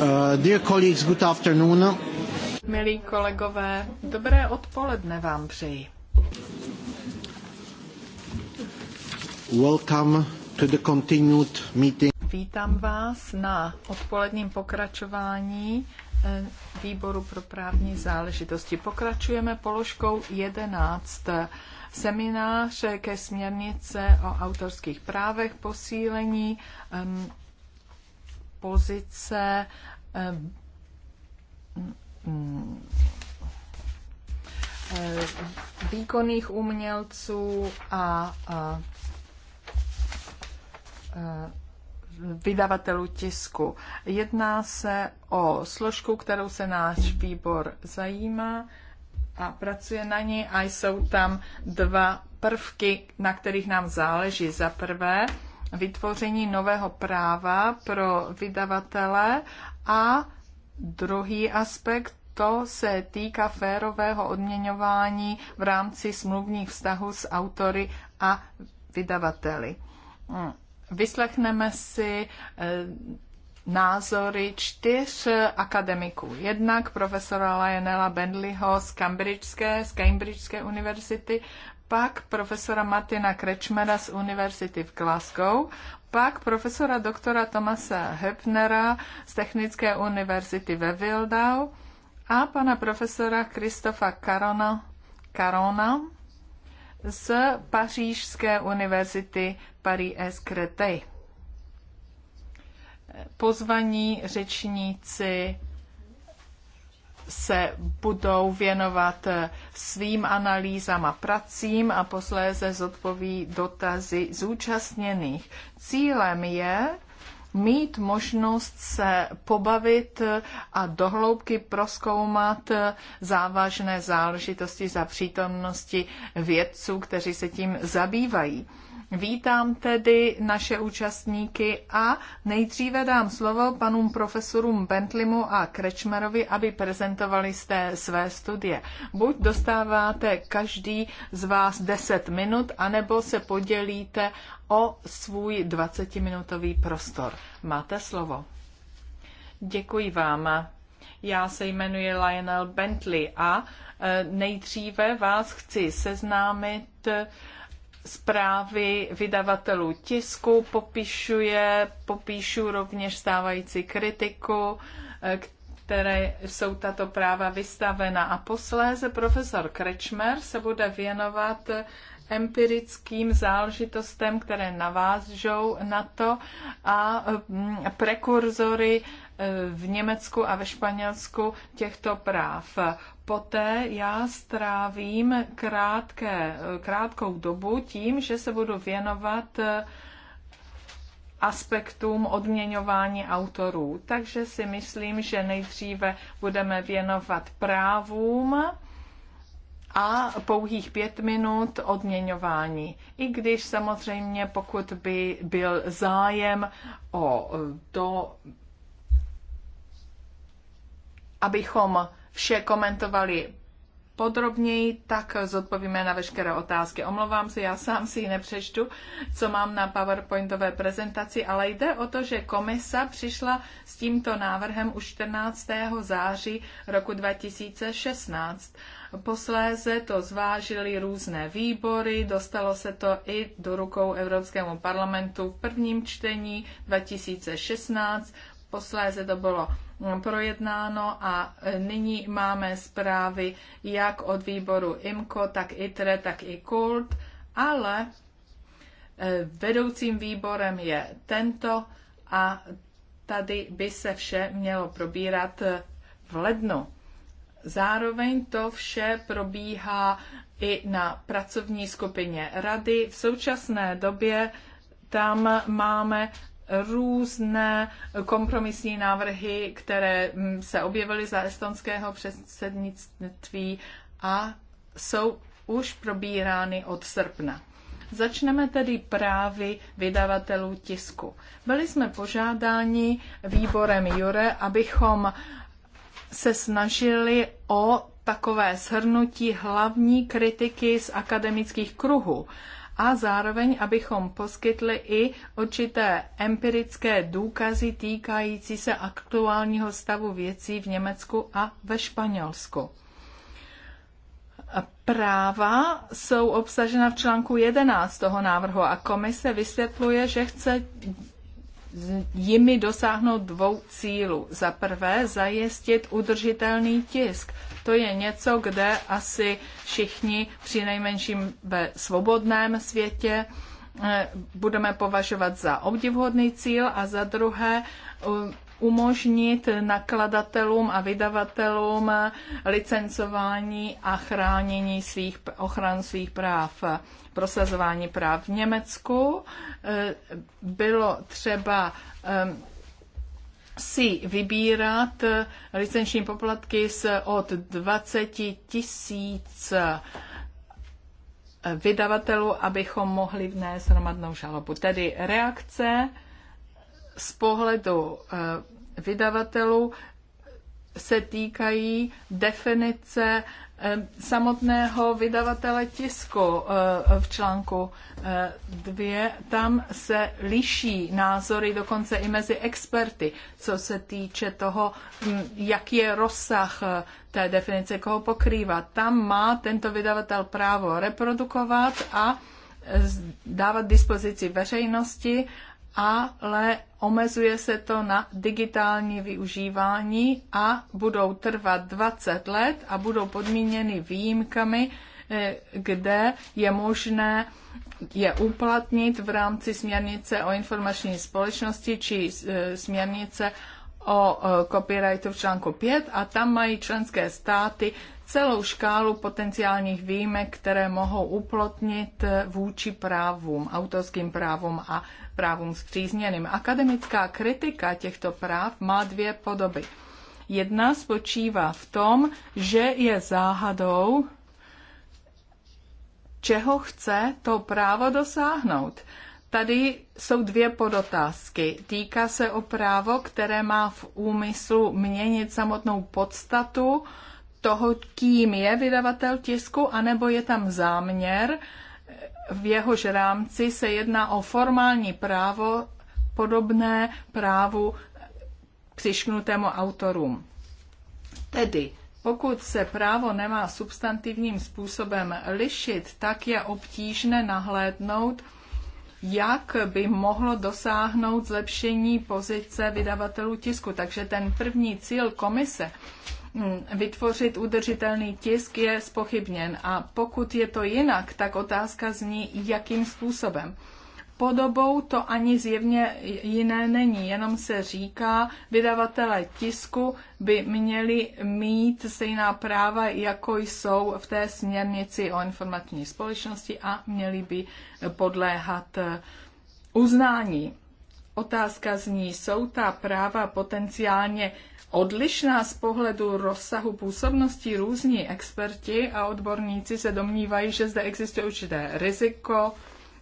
Uh, dear colleagues, good afternoon. Milí kolegové, dobré odpoledne vám přeji. Welcome to the continued meeting. Vítám vás na odpoledním pokračování eh, výboru pro právní záležitosti. Pokračujeme položkou 11 seminář ke směrnice o autorských právech, posílení um, pozice um, výkonných umělců a, a, a e, vydavatelů tisku. Jedná se o složku, kterou se náš výbor zajímá a pracuje na ní a jsou tam dva prvky, na kterých nám záleží. Za prvé, vytvoření nového práva pro vydavatele a druhý aspekt, to se týká férového odměňování v rámci smluvních vztahů s autory a vydavateli. Vyslechneme si eh, názory čtyř akademiků. Jednak profesora Lionela Bendleyho z Cambridgeské, z Cambridgeské univerzity, pak profesora Martina Krečmera z univerzity v Glasgow, pak profesora doktora Tomasa Höpnera z Technické univerzity ve Wildau a pana profesora Kristofa Karona, Karona z Pařížské univerzity Paris Créteil pozvaní řečníci se budou věnovat svým analýzám a pracím a posléze zodpoví dotazy zúčastněných. Cílem je mít možnost se pobavit a dohloubky proskoumat závažné záležitosti za přítomnosti vědců, kteří se tím zabývají. Vítám tedy naše účastníky a nejdříve dám slovo panům profesorům Bentlimu a Krečmerovi, aby prezentovali jste své studie. Buď dostáváte každý z vás 10 minut, anebo se podělíte o svůj 20-minutový prostor. Máte slovo. Děkuji vám. Já se jmenuji Lionel Bentley a e, nejdříve vás chci seznámit zprávy vydavatelů tisku popíšuje, popíšu rovněž stávající kritiku, eh, které jsou tato práva vystavena. A posléze profesor Krečmer se bude věnovat empirickým záležitostem, které navážou na to a mm, prekurzory e, v Německu a ve Španělsku těchto práv. Poté já strávím krátké, krátkou dobu tím, že se budu věnovat e, aspektům odměňování autorů. Takže si myslím, že nejdříve budeme věnovat právům a pouhých pět minut odměňování. I když samozřejmě, pokud by byl zájem o to, abychom vše komentovali podrobněji, tak zodpovíme na veškeré otázky. Omlouvám se, já sám si ji nepřečtu, co mám na PowerPointové prezentaci, ale jde o to, že komisa přišla s tímto návrhem už 14. září roku 2016 Posléze to zvážili různé výbory, dostalo se to i do rukou Evropskému parlamentu v prvním čtení 2016, posléze to bylo mm, projednáno a e, nyní máme zprávy jak od výboru IMCO, tak ITRE, tak i KULT, ale e, vedoucím výborem je tento a tady by se vše mělo probírat v lednu. Zároveň to vše probíhá i na pracovní skupině rady. V současné době tam máme různé kompromisní návrhy, které mm, se objevily za estonského předsednictví a jsou už probírány od srpna. Začneme tedy právy vydavatelů tisku. Byli jsme požádáni výborem Jure, abychom uh, se snažili o takové shrnutí hlavní kritiky z akademických kruhů a zároveň, abychom poskytli i určité empirické důkazy týkající se aktuálního stavu věcí v Německu a ve Španělsku. Práva jsou obsažena v článku 11 toho návrhu a komise vysvětluje, že chce jimi dosáhnout dvou cílů. Za prvé zajistit udržitelný tisk. To je něco, kde asi všichni, při nejmenším ve svobodném světě, eh, budeme považovat za obdivhodný cíl a za druhé umožnit nakladatelům a vydavatelům licencování a chránění svých, ochran svých práv, prosazování práv v Německu. Eh, bylo třeba eh, si vybírat eh, licenční poplatky z od 20 tisíc vydavatelů, abychom mohli vnést hromadnou žalobu. Tedy reakce z pohledu vydavatelů se týkají definice eh, samotného vydavatele tisku eh, v článku 2. Eh, Tam se liší názory dokonce i mezi experty, co se týče toho, hm, jaký je rozsah té definice, koho pokrývá. Tam má tento vydavatel právo reprodukovat a dávat dispozici veřejnosti ale omezuje se to na digitální využívání a budou trvat 20 let a budou podmíněny výjimkami, eh, kde je možné je uplatnit v rámci směrnice o informační společnosti či eh, směrnice o eh, copyrightu v článku 5 a tam mají členské státy celou škálu potenciálních výjimek, které mohou uplotnit vůči právům, autorským právům a právům zpřízněným. Akademická kritika těchto práv má dvě podoby. Jedna spočívá v tom, že je záhadou, čeho chce to právo dosáhnout. Tady jsou dvě podotázky. Týká se o právo, které má v úmyslu měnit samotnou podstatu toho, kým je vydavatel tisku, anebo je tam záměr v jehož rámci se jedná o formální právo podobné právu přišknutému autorům. Tedy pokud se právo nemá substantivním způsobem lišit, tak je obtížné nahlédnout, jak by mohlo dosáhnout zlepšení pozice vydavatelů tisku. Takže ten první cíl komise Hmm, vytvořit udržitelný tisk, je spochybněn. A pokud je to jinak, tak otázka zní, jakým způsobem podobou to ani zjevně jiné není, jenom se říká, vydavatele tisku by měli mít stejná práva, jako jsou v té směrnici o informační společnosti a měli by podléhat uznání. Otázka zní, jsou ta práva potenciálně odlišná z pohledu rozsahu působnosti. Různí experti a odborníci se domnívají, že zde existuje určité riziko,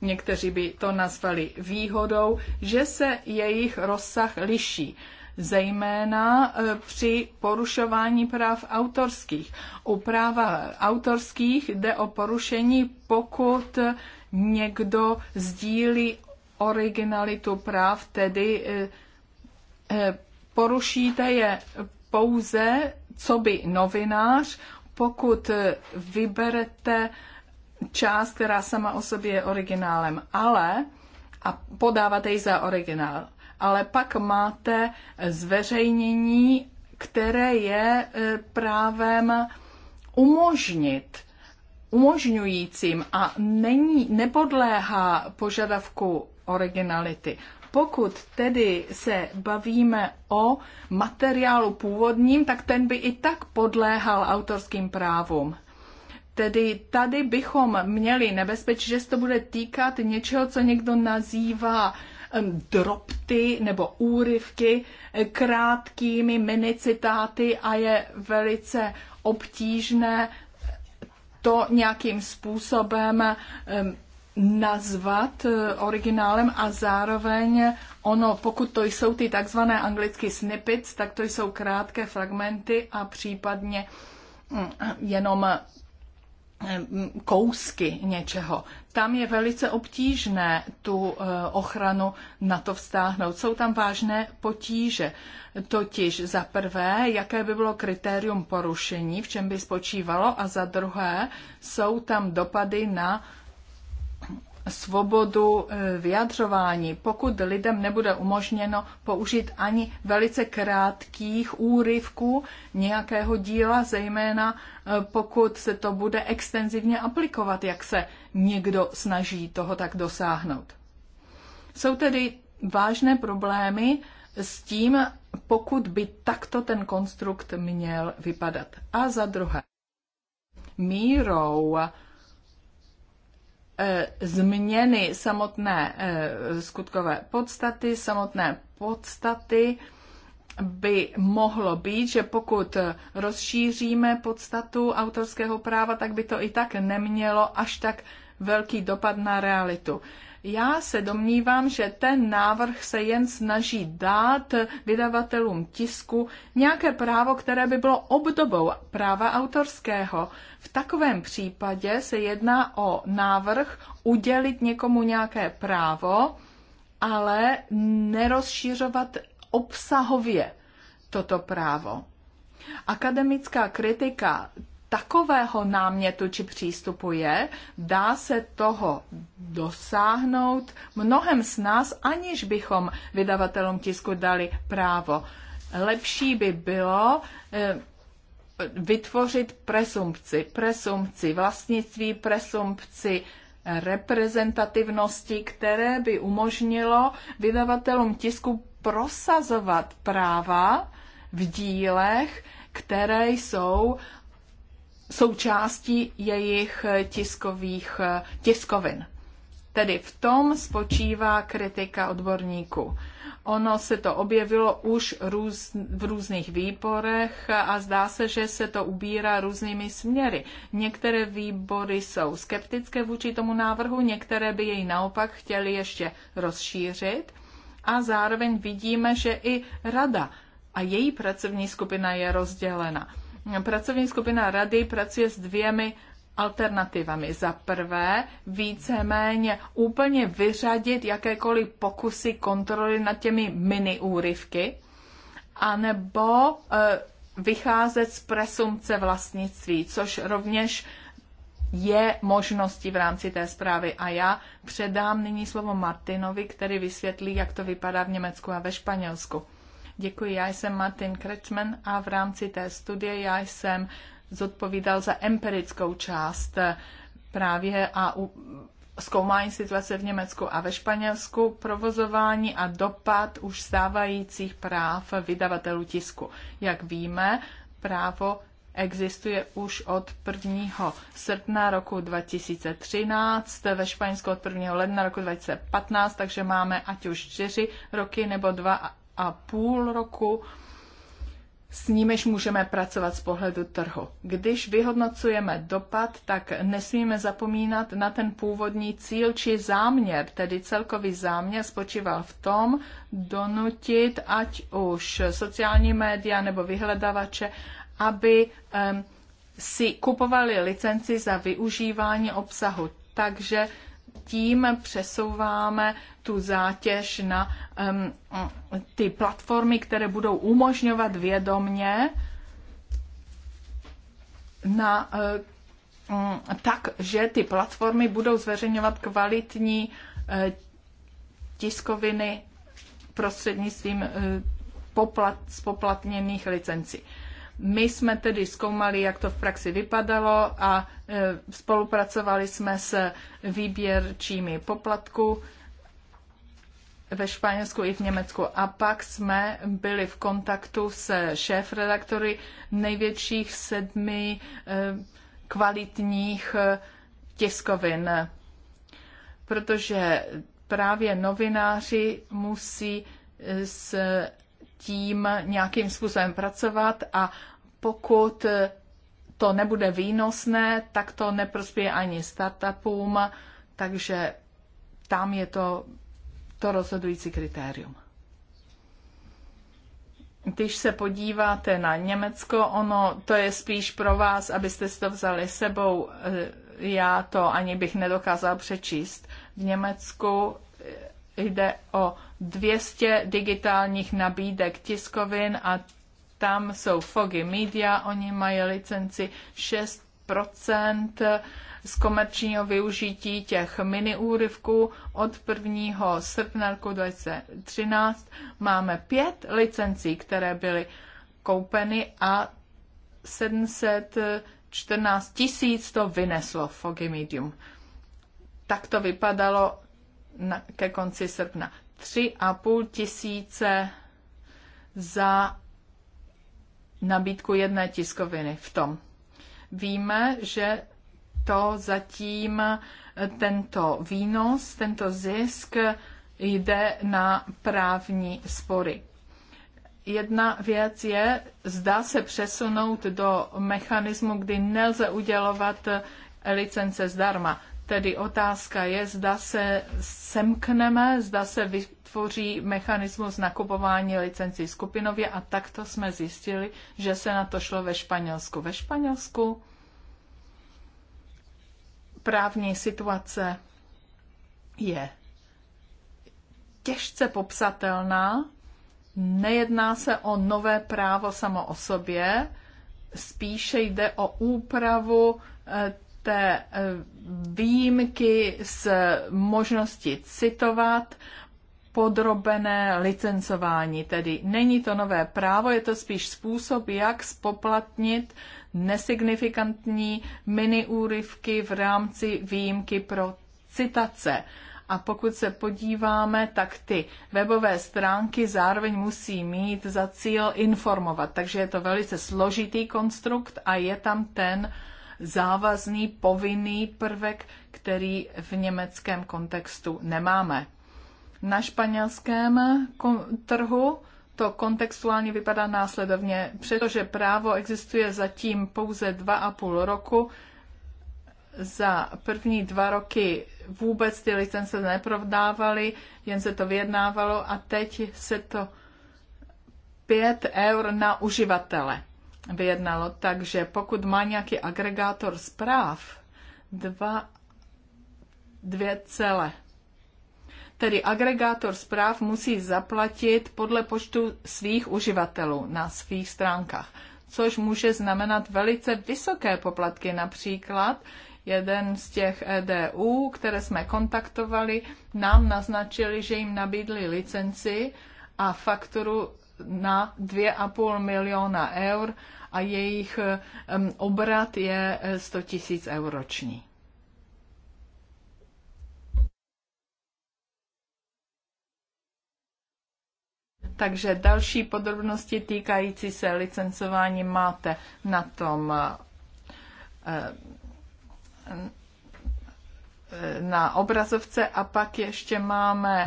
někteří by to nazvali výhodou, že se jejich rozsah liší zejména e, při porušování práv autorských. U práv autorských jde o porušení, pokud někdo sdílí originalitu práv, tedy eh, eh, porušíte je pouze co by novinář, pokud eh, vyberete část, která sama o sobě je originálem, ale a podáváte ji za originál. Ale pak máte zveřejnění, které je právem umožnit umožňujícím a není, nepodléhá požadavku originality. Pokud tedy se bavíme o materiálu původním, tak ten by i tak podléhal autorským právům. Tedy tady bychom měli nebezpečí, že se to bude týkat něčeho, co někdo nazývá dropty nebo úryvky krátkými minicitáty a je velice obtížné to nějakým způsobem nazvat eh, originálem a zároveň ono, pokud to jsou ty takzvané anglicky snippets, tak to jsou krátké fragmenty a případně mm, jenom mm, kousky něčeho. Tam je velice obtížné tu eh, ochranu na to vztáhnout. Jsou tam vážné potíže. Totiž za prvé, jaké by bylo kritérium porušení, v čem by spočívalo, a za druhé, jsou tam dopady na svobodu eh, vyjadřování, pokud lidem nebude umožněno použít ani velice krátkých úryvků nějakého díla, zejména eh, pokud se to bude extenzivně aplikovat, jak se někdo snaží toho tak dosáhnout. Jsou tedy vážné problémy s tím, pokud by takto ten konstrukt měl vypadat. A za druhé, mírou Eh, změny samotné eh, skutkové podstaty, samotné podstaty, by mohlo být, že pokud rozšíříme podstatu autorského práva, tak by to i tak nemělo až tak velký dopad na realitu. Já se domnívám, že ten návrh se jen snaží dát vydavatelům tisku nějaké právo, které by bylo obdobou práva autorského. V takovém případě se jedná o návrh udělit někomu nějaké právo, ale nerozšířovat obsahově toto právo. Akademická kritika takového námětu či přístupu je, dá se toho dosáhnout mnohem z nás, aniž bychom vydavatelům tisku dali právo. Lepší by bylo eh, vytvořit presumpci, presumpci vlastnictví, presumpci reprezentativnosti, které by umožnilo vydavatelům tisku prosazovat práva v dílech, které jsou součástí jejich tiskových tiskovin. Tedy v tom spočívá kritika odborníků. Ono se to objevilo už růz, v různých výborech a zdá se, že se to ubírá různými směry. Některé výbory jsou skeptické vůči tomu návrhu, některé by jej naopak chtěli ještě rozšířit. A zároveň vidíme, že i rada a její pracovní skupina je rozdělena. Pracovní skupina rady pracuje s dvěmi alternativami. Za prvé, víceméně úplně vyřadit jakékoliv pokusy kontroly nad těmi mini úryvky, anebo e, vycházet z presumce vlastnictví, což rovněž je možností v rámci té zprávy. A já předám nyní slovo Martinovi, který vysvětlí, jak to vypadá v Německu a ve Španělsku. Děkuji, já jsem Martin Krečman a v rámci té studie já jsem zodpovídal za empirickou část eh, právě a u, zkoumání situace v Německu a ve Španělsku, provozování a dopad už stávajících práv vydavatelů tisku. Jak víme, právo existuje už od 1. srpna roku 2013, ve Španělsku od 1. ledna roku 2015, takže máme ať už 4 roky nebo 2 a půl roku, s nimiž můžeme pracovat z pohledu trhu. Když vyhodnocujeme dopad, tak nesmíme zapomínat na ten původní cíl či záměr, tedy celkový záměr spočíval v tom donutit ať už sociální média nebo vyhledavače, aby um, si kupovali licenci za využívání obsahu. Takže tím přesouváme tu zátěž na um, ty platformy, které budou umožňovat vědomně na um, tak, že ty platformy budou zveřejňovat kvalitní eh, tiskoviny prostřednictvím eh, poplat, spoplatněných licencí. My jsme tedy zkoumali, jak to v praxi vypadalo a e, spolupracovali jsme s výběrčími poplatku ve Španělsku i v Německu. A pak jsme byli v kontaktu se šéfredaktory největších sedmi e, kvalitních e, tiskovin, protože právě novináři musí s tím nějakým způsobem pracovat a pokud to nebude výnosné, tak to neprospěje ani startupům, takže tam je to to rozhodující kritérium. Když se podíváte na Německo, ono to je spíš pro vás, abyste si to vzali sebou. E, já to ani bych nedokázal přečíst. V Německu e, jde o 200 digitálních nabídek tiskovin a tam jsou Foggy Media, oni mají licenci 6% z komerčního využití těch mini úryvků. Od 1. srpna roku 2013 máme pět licencí, které byly koupeny a 714 tisíc to vyneslo Foggy Medium. Tak to vypadalo na, ke konci srpna. Tři a půl tisíce za nabídku jedné tiskoviny v tom. Víme, že to zatím eh, tento výnos, tento zisk jde na právní spory. Jedna věc je, zdá se přesunout do mechanismu, kdy nelze udělovat eh, licence zdarma. Tedy otázka je, zda se semkneme, zda se vytvoří mechanismus nakupování licencí skupinově a takto jsme zjistili, že se na to šlo ve Španělsku. Ve Španělsku právní situace je těžce popsatelná, nejedná se o nové právo samo o sobě, spíše jde o úpravu eh, té eh, výjimky z možnosti citovat podrobené licencování. Tedy není to nové právo, je to spíš způsob, jak spoplatnit nesignifikantní úryvky v rámci výjimky pro citace. A pokud se podíváme, tak ty webové stránky zároveň musí mít za cíl informovat. Takže je to velice složitý konstrukt a je tam ten uh, závazný, povinný prvek, který v německém kontextu nemáme. Na španělském trhu to kontextuálně vypadá následovně. protože právo existuje zatím pouze dva a půl roku, za první dva roky vůbec ty licence neprodávaly, jen se to vyjednávalo a teď se to 5 eur na uživatele vyjednalo, takže pokud má nějaký agregátor zpráv, dva, dvě celé, Tedy agregátor zpráv musí zaplatit podle počtu svých uživatelů na svých stránkách, což může znamenat velice vysoké poplatky. Například jeden z těch EDU, které jsme kontaktovali, nám naznačili, že jim nabídli licenci a fakturu na 2,5 miliona eur a jejich obrat je 100 eh, tisíc eur roční. Takže další podrobnosti týkající se licencování máte na tom eh, eh, na obrazovce a pak ještě máme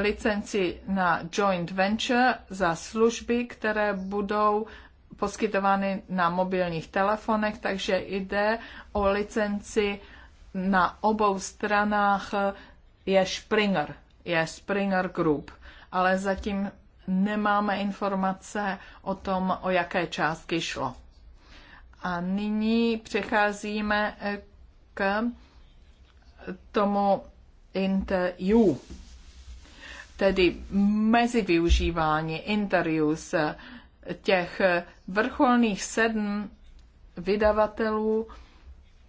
licenci na joint venture za služby, které budou poskytovány na mobilních telefonech, takže jde o licenci na obou stranách je Springer, je Springer Group, ale zatím nemáme informace o tom, o jaké částky šlo. A nyní přecházíme eh, k tomu interview, tedy mezi využívání interview s těch vrcholných sedm vydavatelů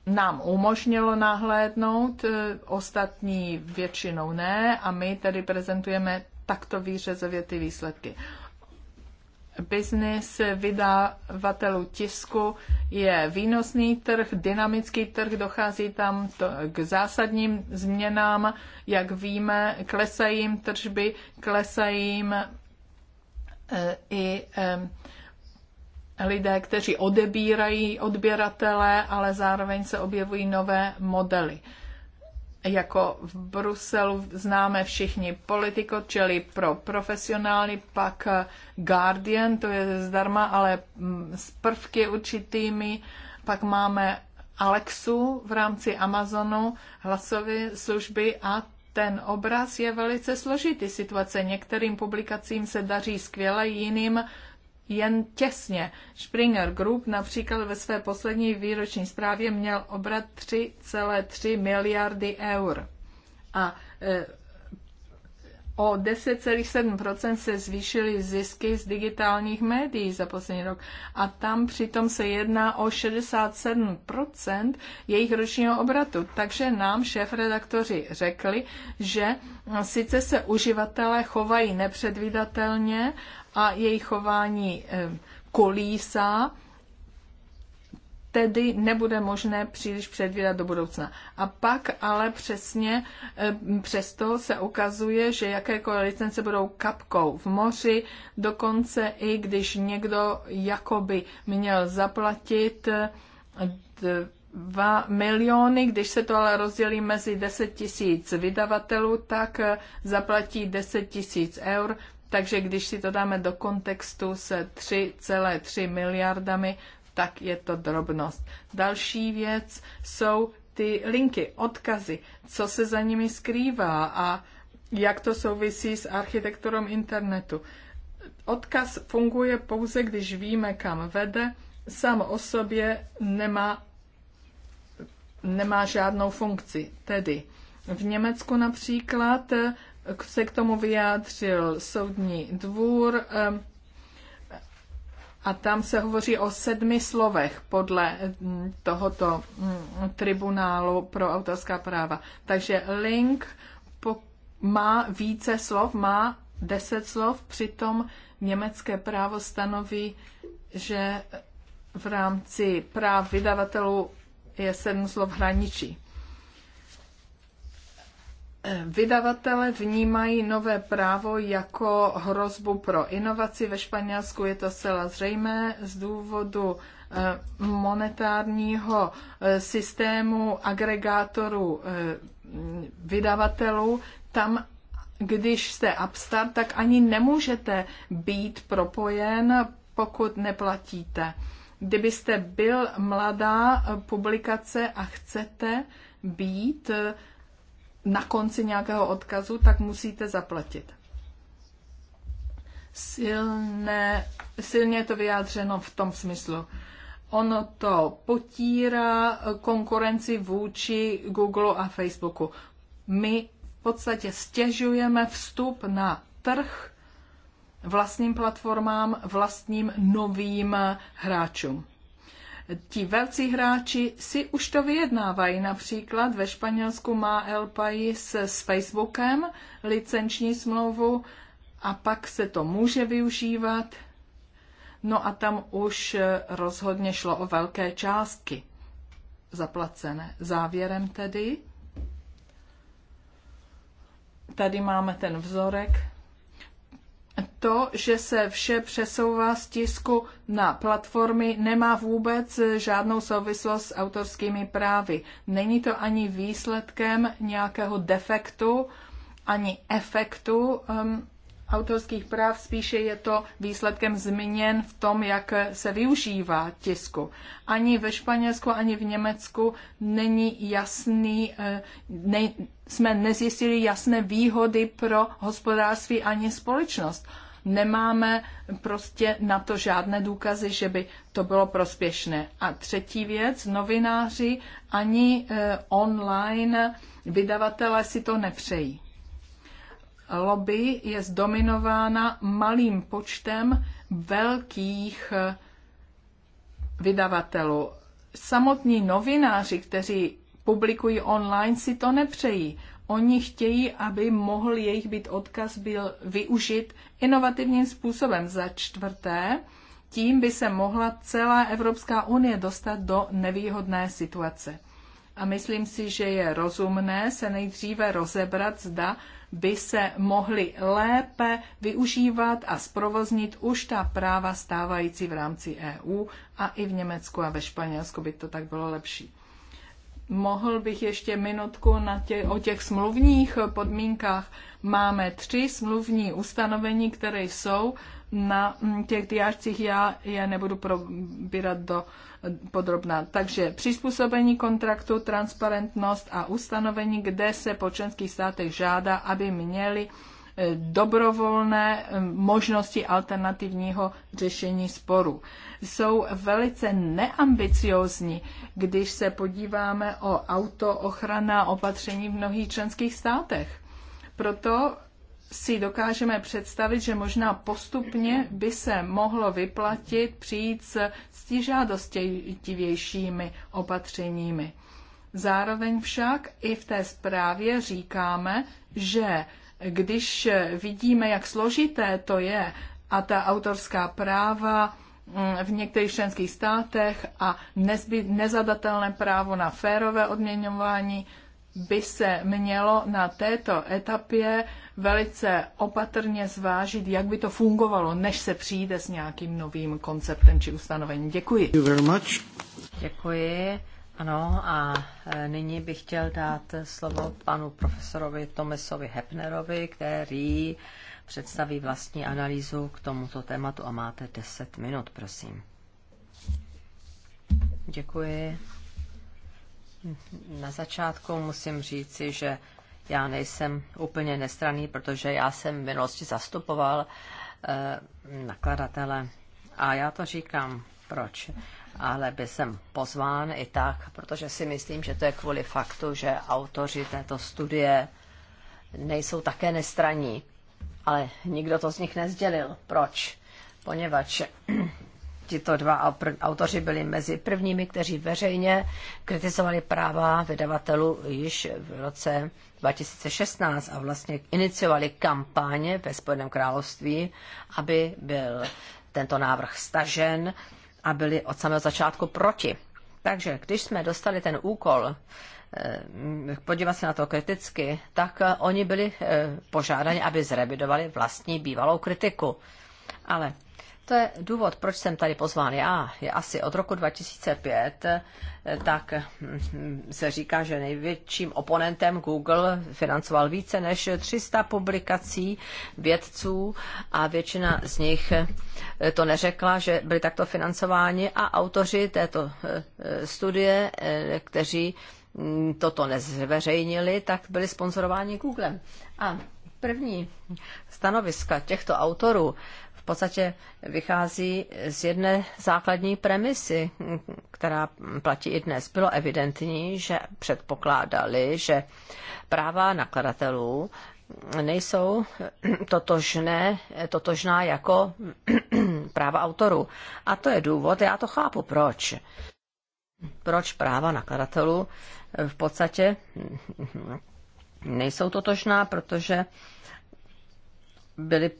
nám umožnilo nahlédnout, e, ostatní většinou ne, a my tedy prezentujeme takto výřezově ty výsledky. Biznis vydavatelů tisku je výnosný trh, dynamický trh, dochází tam to, k zásadním změnám, jak víme, klesají jim tržby, klesají jim i lidé, kteří odebírají odběratele, ale zároveň se objevují nové modely. Jako v Bruselu známe všichni Politico, čili pro profesionály, pak Guardian, to je zdarma, ale mm, s prvky určitými, pak máme Alexu v rámci Amazonu hlasové služby a ten obraz je velice složitý situace. Některým publikacím se daří skvěle, jiným jen těsně. Springer Group například ve své poslední výroční zprávě měl obrat 3,3 miliardy eur. A e, o 10,7% se zvýšily zisky z digitálních médií za poslední rok. A tam přitom se jedná o 67% jejich ročního obratu. Takže nám šéf-redaktoři řekli, že sice se uživatelé chovají nepředvídatelně a jejich chování eh, kolísá, tedy nebude možné příliš předvídat do budoucna. A pak ale přesně eh, přesto se ukazuje, že jakékoliv licence budou kapkou v moři, dokonce i když někdo jakoby měl zaplatit 2 eh, miliony, když se to ale rozdělí mezi 10 tisíc vydavatelů, tak eh, zaplatí 10 tisíc eur, takže když si to dáme do kontextu se 3,3 miliardami, tak je to drobnost. Další věc jsou ty linky, odkazy, co se za nimi skrývá a jak to souvisí s architekturou internetu. Odkaz funguje pouze, když víme, kam vede, sám o sobě nemá, nemá žádnou funkci. Tedy v Německu například se k tomu vyjádřil soudní dvůr, a tam se hovoří o sedmi slovech podle mm, tohoto mm, tribunálu pro autorská práva. Takže link má více slov, má deset slov, přitom německé právo stanoví, že v rámci práv vydavatelů je sedm slov hraničí. Vydavatele vnímají nové právo jako hrozbu pro inovaci. Ve Španělsku je to zcela zřejmé z důvodu eh, monetárního eh, systému agregátorů eh, vydavatelů. Tam, když jste upstart, tak ani nemůžete být propojen, pokud neplatíte. Kdybyste byl mladá publikace a chcete být na konci nějakého odkazu, tak musíte zaplatit. Silné, silně je to vyjádřeno v tom smyslu. Ono to potírá konkurenci vůči Google a Facebooku. My v podstatě stěžujeme vstup na trh vlastním platformám, vlastním novým hráčům ti velcí hráči si už to vyjednávají. Například ve Španělsku má El Pais s Facebookem licenční smlouvu a pak se to může využívat. No a tam už eh, rozhodně šlo o velké částky zaplacené. Závěrem tedy, tady máme ten vzorek to, že se vše přesouvá z tisku na platformy, nemá vůbec žádnou souvislost s autorskými právy. Není to ani výsledkem nějakého defektu, ani efektu um, autorských práv, spíše je to výsledkem změn v tom, jak se využívá tisku. Ani ve Španělsku, ani v Německu není jasný, eh, ne, jsme nezjistili jasné výhody pro hospodářství ani společnost. Nemáme prostě na to žádné důkazy, že by to bylo prospěšné. A třetí věc, novináři ani eh, online vydavatelé si to nepřejí lobby je zdominována malým počtem velkých eh, vydavatelů. Samotní novináři, kteří publikují online, si to nepřejí. Oni chtějí, aby mohl jejich být odkaz byl využit inovativním způsobem. Za čtvrté, tím by se mohla celá Evropská unie dostat do nevýhodné situace. A myslím si, že je rozumné se nejdříve rozebrat, zda by se mohly lépe využívat a zprovoznit už ta práva stávající v rámci EU a i v Německu a ve Španělsku by to tak bylo lepší. Mohl bych ještě minutku na tě, o těch smluvních podmínkách. Máme tři smluvní ustanovení, které jsou na mm, těch diářcích. Já je nebudu probírat do podrobná. Takže přizpůsobení kontraktu, transparentnost a ustanovení, kde se po členských státech žádá, aby měli dobrovolné eh, možnosti alternativního řešení sporu. Jsou velice neambiciozní, když se podíváme o autoochrana opatření v mnohých členských státech. Proto si dokážeme představit, že možná postupně by se mohlo vyplatit přijít s stížádostivějšími opatřeními. Zároveň však i v té zprávě říkáme, že když vidíme, jak složité to je a ta autorská práva mm, v některých členských státech a nezby, nezadatelné právo na férové odměňování, by se mělo na této etapě velice opatrně zvážit, jak by to fungovalo, než se přijde s nějakým novým konceptem či ustanovením. Děkuji. Děkuji. Ano, a e, nyní bych chtěl dát slovo panu profesorovi Tomesovi Hepnerovi, který představí vlastní analýzu k tomuto tématu a máte 10 minut, prosím. Děkuji. Na začátku musím říci, že já nejsem úplně nestraný, protože já jsem v minulosti zastupoval eh, nakladatele. A já to říkám, proč? ale byl jsem pozván i tak, protože si myslím, že to je kvůli faktu, že autoři této studie nejsou také nestraní, ale nikdo to z nich nezdělil. Proč? Poněvadž tito dva autoři byli mezi prvními, kteří veřejně kritizovali práva vydavatelů již v roce 2016 a vlastně iniciovali kampaně ve Spojeném království, aby byl tento návrh stažen a byli od samého začátku proti. Takže když jsme dostali ten úkol eh, podívat se na to kriticky, tak eh, oni byli eh, požádani, aby zrevidovali vlastní bývalou kritiku. Ale to je důvod, proč jsem tady pozván já. Je asi od roku 2005, tak hm, se říká, že největším oponentem Google financoval více než 300 publikací vědců a většina z nich eh, to neřekla, že byli takto financováni a autoři této eh, studie, eh, kteří hm, toto nezveřejnili, tak byli sponzorováni Googlem. A první stanoviska těchto autorů v podstatě vychází z jedné základní premisy, která platí i dnes. Bylo evidentní, že předpokládali, že práva nakladatelů nejsou totožné, totožná jako práva autorů. A to je důvod, já to chápu, proč. Proč práva nakladatelů v podstatě nejsou totožná, protože byli,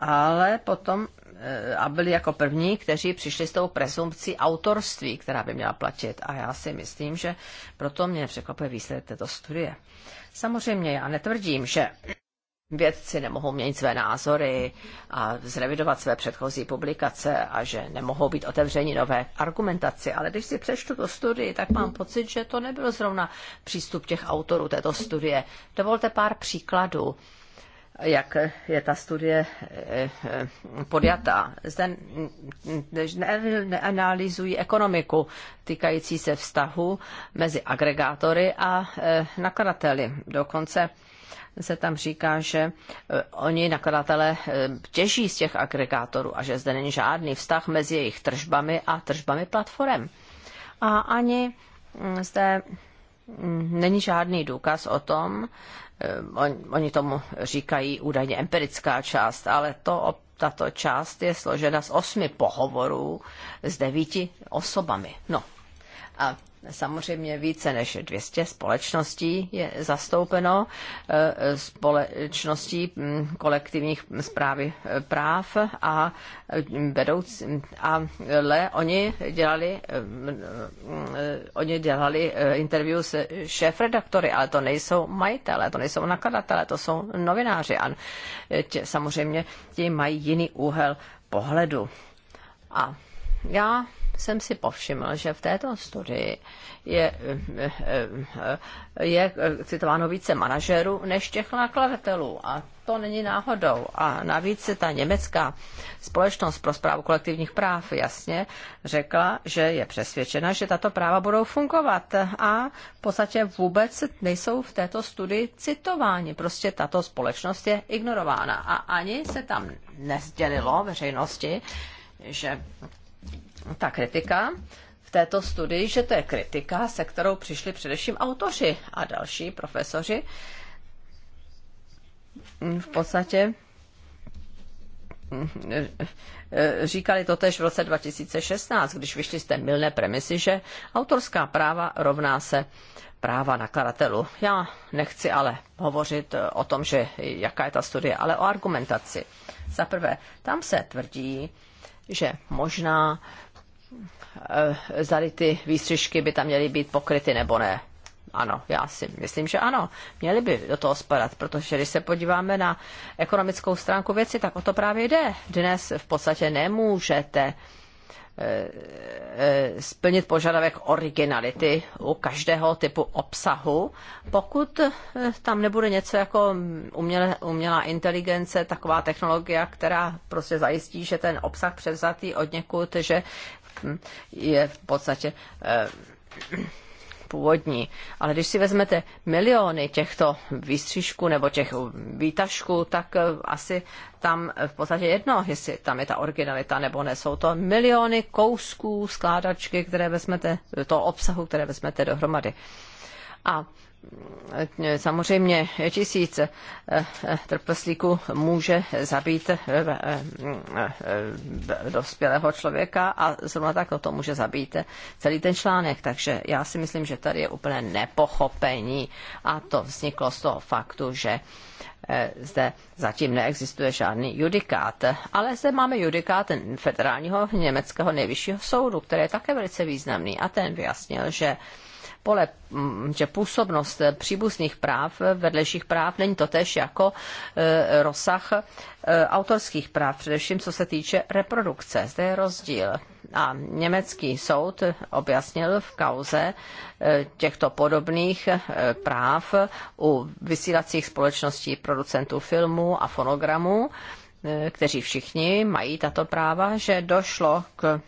ale potom eh, a byli jako první, kteří přišli s tou prezumpcí autorství, která by měla platit. A já si myslím, že proto mě překvapuje výsledek této studie. Samozřejmě já netvrdím, že vědci nemohou měnit své názory a zrevidovat své předchozí publikace a že nemohou být otevřeni nové argumentaci. Ale když si přečtu tu studii, tak mám pocit, že to nebyl zrovna přístup těch autorů této studie. Dovolte pár příkladů jak je ta studie eh, eh, podjatá. Zde neanalýzují ekonomiku týkající se vztahu mezi agregátory a eh, nakladateli. Dokonce se tam říká, že oni nakladatelé těží z těch agregátorů a že zde není žádný vztah mezi jejich tržbami a tržbami platform. A ani mm, zde mm, není žádný důkaz o tom, Eh, on, oni tomu říkají údajně empirická část, ale to, tato část je složena z osmi pohovorů s devíti osobami. No, a samozřejmě více než 200 společností je zastoupeno, e, společností kolektivních zprávy e, práv a vedoucí, a le, oni dělali, e, oni dělali interview s šéf-redaktory, ale to nejsou majitele, to nejsou nakladatelé, to jsou novináři a tě, samozřejmě ti mají jiný úhel pohledu. A já jsem si povšiml, že v této studii je, je citováno více manažerů než těch nakladatelů. A to není náhodou. A navíc ta německá společnost pro zprávu kolektivních práv jasně řekla, že je přesvědčena, že tato práva budou fungovat a v podstatě vůbec nejsou v této studii citováni. Prostě tato společnost je ignorována a ani se tam nezdělilo veřejnosti, že ta kritika v této studii, že to je kritika, se kterou přišli především autoři a další profesoři. V podstatě eh, říkali to tež v roce 2016, když vyšli z té milné premisy, že autorská práva rovná se práva nakladatelů. Já nechci ale hovořit eh, o tom, že jaká je ta studie, ale o argumentaci. Za prvé, tam se tvrdí, že možná Eh, zdali ty výstřižky by tam měly být pokryty nebo ne. Ano, já si myslím, že ano, měly by do toho spadat, protože když se podíváme na ekonomickou stránku věci, tak o to právě jde. Dnes v podstatě nemůžete eh, eh, splnit požadavek originality u každého typu obsahu, pokud tam nebude něco jako umělé, umělá inteligence, taková technologie, která prostě zajistí, že ten obsah převzatý od někud, že je v podstatě eh, původní. Ale když si vezmete miliony těchto výstřižků nebo těch výtažků, tak eh, asi tam v podstatě jedno, jestli tam je ta originalita nebo ne. Jsou to miliony kousků skládačky, které vezmete, toho obsahu, které vezmete dohromady. A samozřejmě tisíc eh, eh, trpaslíků může zabít eh, dospělého člověka a zrovna tak to může zabít celý ten článek. Takže já si myslím, že tady je úplné nepochopení a to vzniklo z toho faktu, že zde zatím neexistuje žádný judikát. Ale zde máme judikát federálního německého nejvyššího soudu, který je také velice významný a ten vyjasnil, že pole, mm, že působnost příbuzných práv, vedlejších práv není totež jako e, rozsah e, autorských práv, především co se týče reprodukce. Zde je rozdíl. A německý soud objasnil v kauze e, těchto podobných práv u vysílacích společností producentů filmů a fonogramů, kteří všichni mají tato práva, že došlo k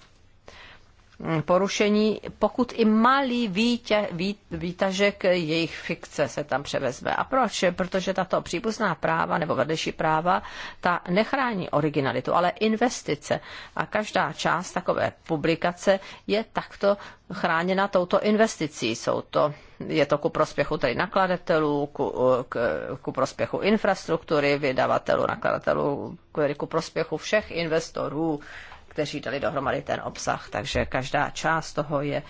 Mm, porušení, pokud i malý výtě, vý, výtažek jejich fikce se tam převezme. A proč? Protože tato příbuzná práva nebo vedlejší práva, ta nechrání originalitu, ale investice. A každá část takové publikace je takto chráněna touto investicí. Jsou to, je to ku prospěchu tedy nakladatelů, ku, k, ku prospěchu infrastruktury, vydavatelů, nakladatelů, ku prospěchu všech investorů kteří dali dohromady ten obsah. Takže každá část toho je,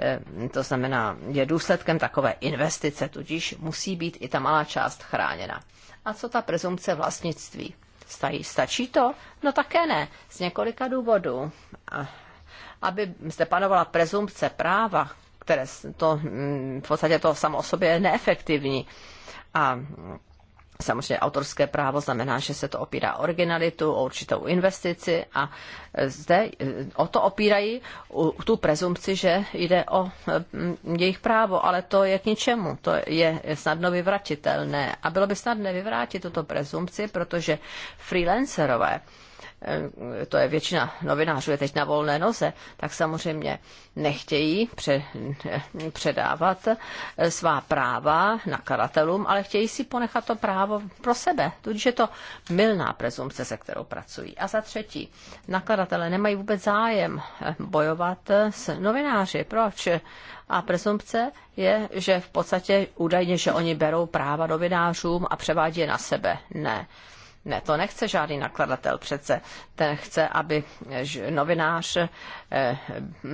eh, to znamená, je důsledkem takové investice, tudíž musí být i ta malá část chráněna. A co ta prezumce vlastnictví? Stají, stačí to? No také ne, z několika důvodů. Aby zde panovala prezumce práva, které to mm, v podstatě to samo o sobě je neefektivní. A Samozřejmě autorské právo znamená, že se to opírá originalitu, o určitou investici a zde eh, o to opírají tu prezumci, že jde o mm, jejich právo, ale to je k ničemu, to je snadno vyvratitelné a bylo by snadné vyvrátit tuto prezumci, protože freelancerové, Eh, to je většina novinářů, je teď na volné noze, tak samozřejmě nechtějí eh, předávat eh, svá práva nakladatelům, ale chtějí si ponechat to právo pro sebe. Tudíž je to milná prezumce, se kterou pracují. A za třetí, nakladatelé nemají vůbec zájem bojovat s novináři. Proč? A prezumpce je, že v podstatě údajně, že oni berou práva novinářům a převádí je na sebe. Ne. Ne, to nechce žádný nakladatel přece. Ten chce, aby eh, novinář eh,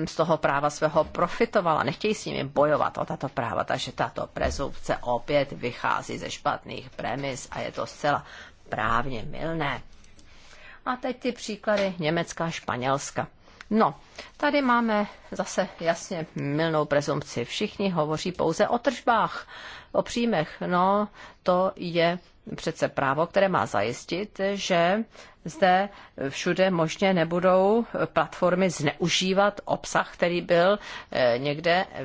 z toho práva svého profitoval a nechtějí s nimi bojovat o tato práva, takže tato prezumpce opět vychází ze špatných premis a je to zcela právně milné. A teď ty příklady Německa a Španělska. No, tady máme zase jasně milnou prezumpci. Všichni hovoří pouze o tržbách, o příjmech. No, to je přece právo, které má zajistit, že zde všude možně nebudou platformy zneužívat obsah, který byl eh, někde eh,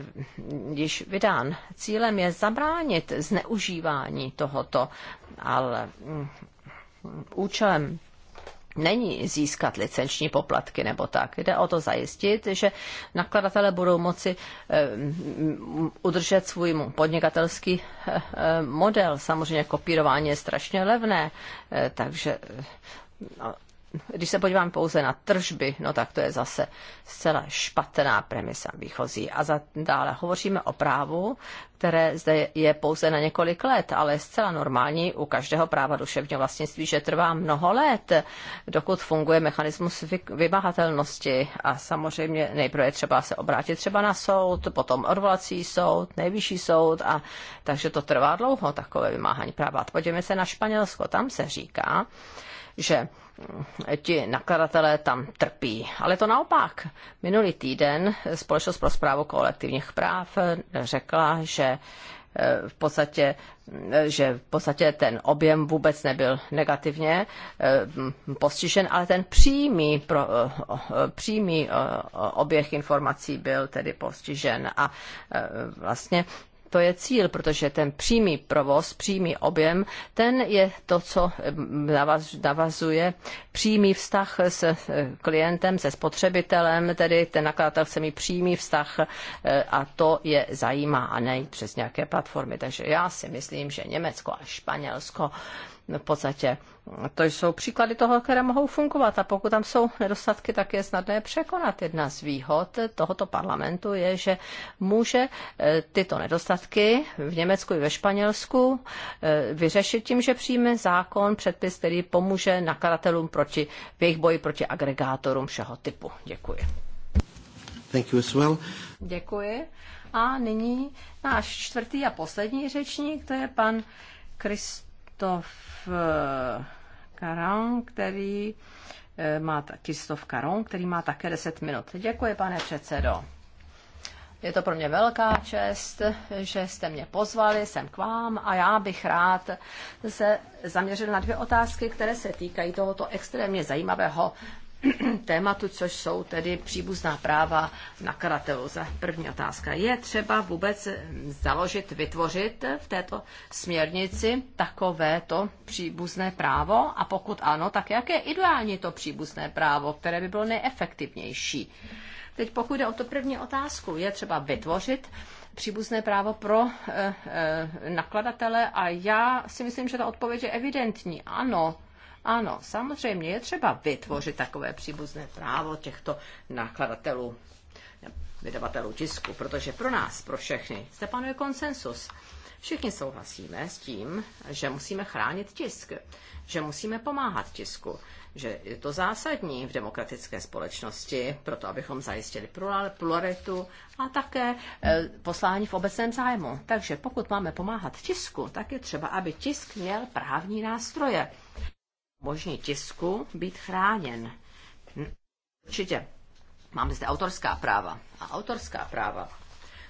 již vydán. Cílem je zabránit zneužívání tohoto, ale mm, účelem není získat licenční poplatky nebo tak. Jde o to zajistit, že nakladatele budou moci eh, udržet svůj podnikatelský eh, eh, model. Samozřejmě kopírování je strašně levné, takže no, když se podívám pouze na tržby, no tak to je zase zcela špatná premisa výchozí. A za, dále hovoříme o právu, které zde je pouze na několik let, ale je zcela normální u každého práva duševního vlastnictví, že trvá mnoho let, dokud funguje mechanismus vymahatelnosti. A samozřejmě nejprve je třeba se obrátit třeba na soud, potom odvolací soud, nejvyšší soud, a takže to trvá dlouho, takové vymáhání práva. Podívejme se na Španělsko, tam se říká, že ti nakladatelé tam trpí. Ale to naopak. Minulý týden Společnost pro zprávu kolektivních práv eh, řekla, že eh, v podstatě, eh, že v podstatě ten objem vůbec nebyl negativně postižen, ale ten přímý, pro, přímý oběh informací byl tedy postižen a vlastně to je cíl, protože ten přímý provoz, přímý objem, ten je to, co navazuje přímý vztah s eh, klientem, se spotřebitelem, tedy ten nakladatel chce mít přímý vztah eh, a to je zajímá a ne přes nějaké platformy. Takže já si myslím, že Německo a Španělsko v podstatě. To jsou příklady toho, které mohou fungovat a pokud tam jsou nedostatky, tak je snadné překonat. Jedna z výhod tohoto parlamentu je, že může eh, tyto nedostatky v Německu i ve Španělsku eh, vyřešit tím, že přijme zákon, předpis, který pomůže nakladatelům proti, v jejich boji proti agregátorům všeho typu. Děkuji. Thank you as well. Děkuji. A nyní náš čtvrtý a poslední řečník, to je pan Krist Kristof eh, Karan, který eh, má, Kristof Karon, který má také 10 minut. Děkuji, pane předsedo. Je to pro mě velká čest, že jste mě pozvali sem k vám a já bych rád se zaměřil na dvě otázky, které se týkají tohoto extrémně zajímavého tématu, což jsou tedy příbuzná práva nakladatelů. Za první otázka. Je třeba vůbec založit, vytvořit v této směrnici takové to příbuzné právo? A pokud ano, tak jak je ideální to příbuzné právo, které by bylo nejefektivnější? Teď pokud jde o to první otázku, je třeba vytvořit příbuzné právo pro eh, eh, nakladatele a já si myslím, že ta odpověď je evidentní. Ano, ano, samozřejmě je třeba vytvořit takové příbuzné právo těchto nakladatelů, vydavatelů tisku, protože pro nás, pro všechny, zde panuje konsensus. Všichni souhlasíme s tím, že musíme chránit tisk, že musíme pomáhat tisku, že je to zásadní v demokratické společnosti, proto abychom zajistili pluralitu a také eh, poslání v obecném zájmu. Takže pokud máme pomáhat tisku, tak je třeba, aby tisk měl právní nástroje možný tisku být chráněn. Určitě. Máme zde autorská práva. A autorská práva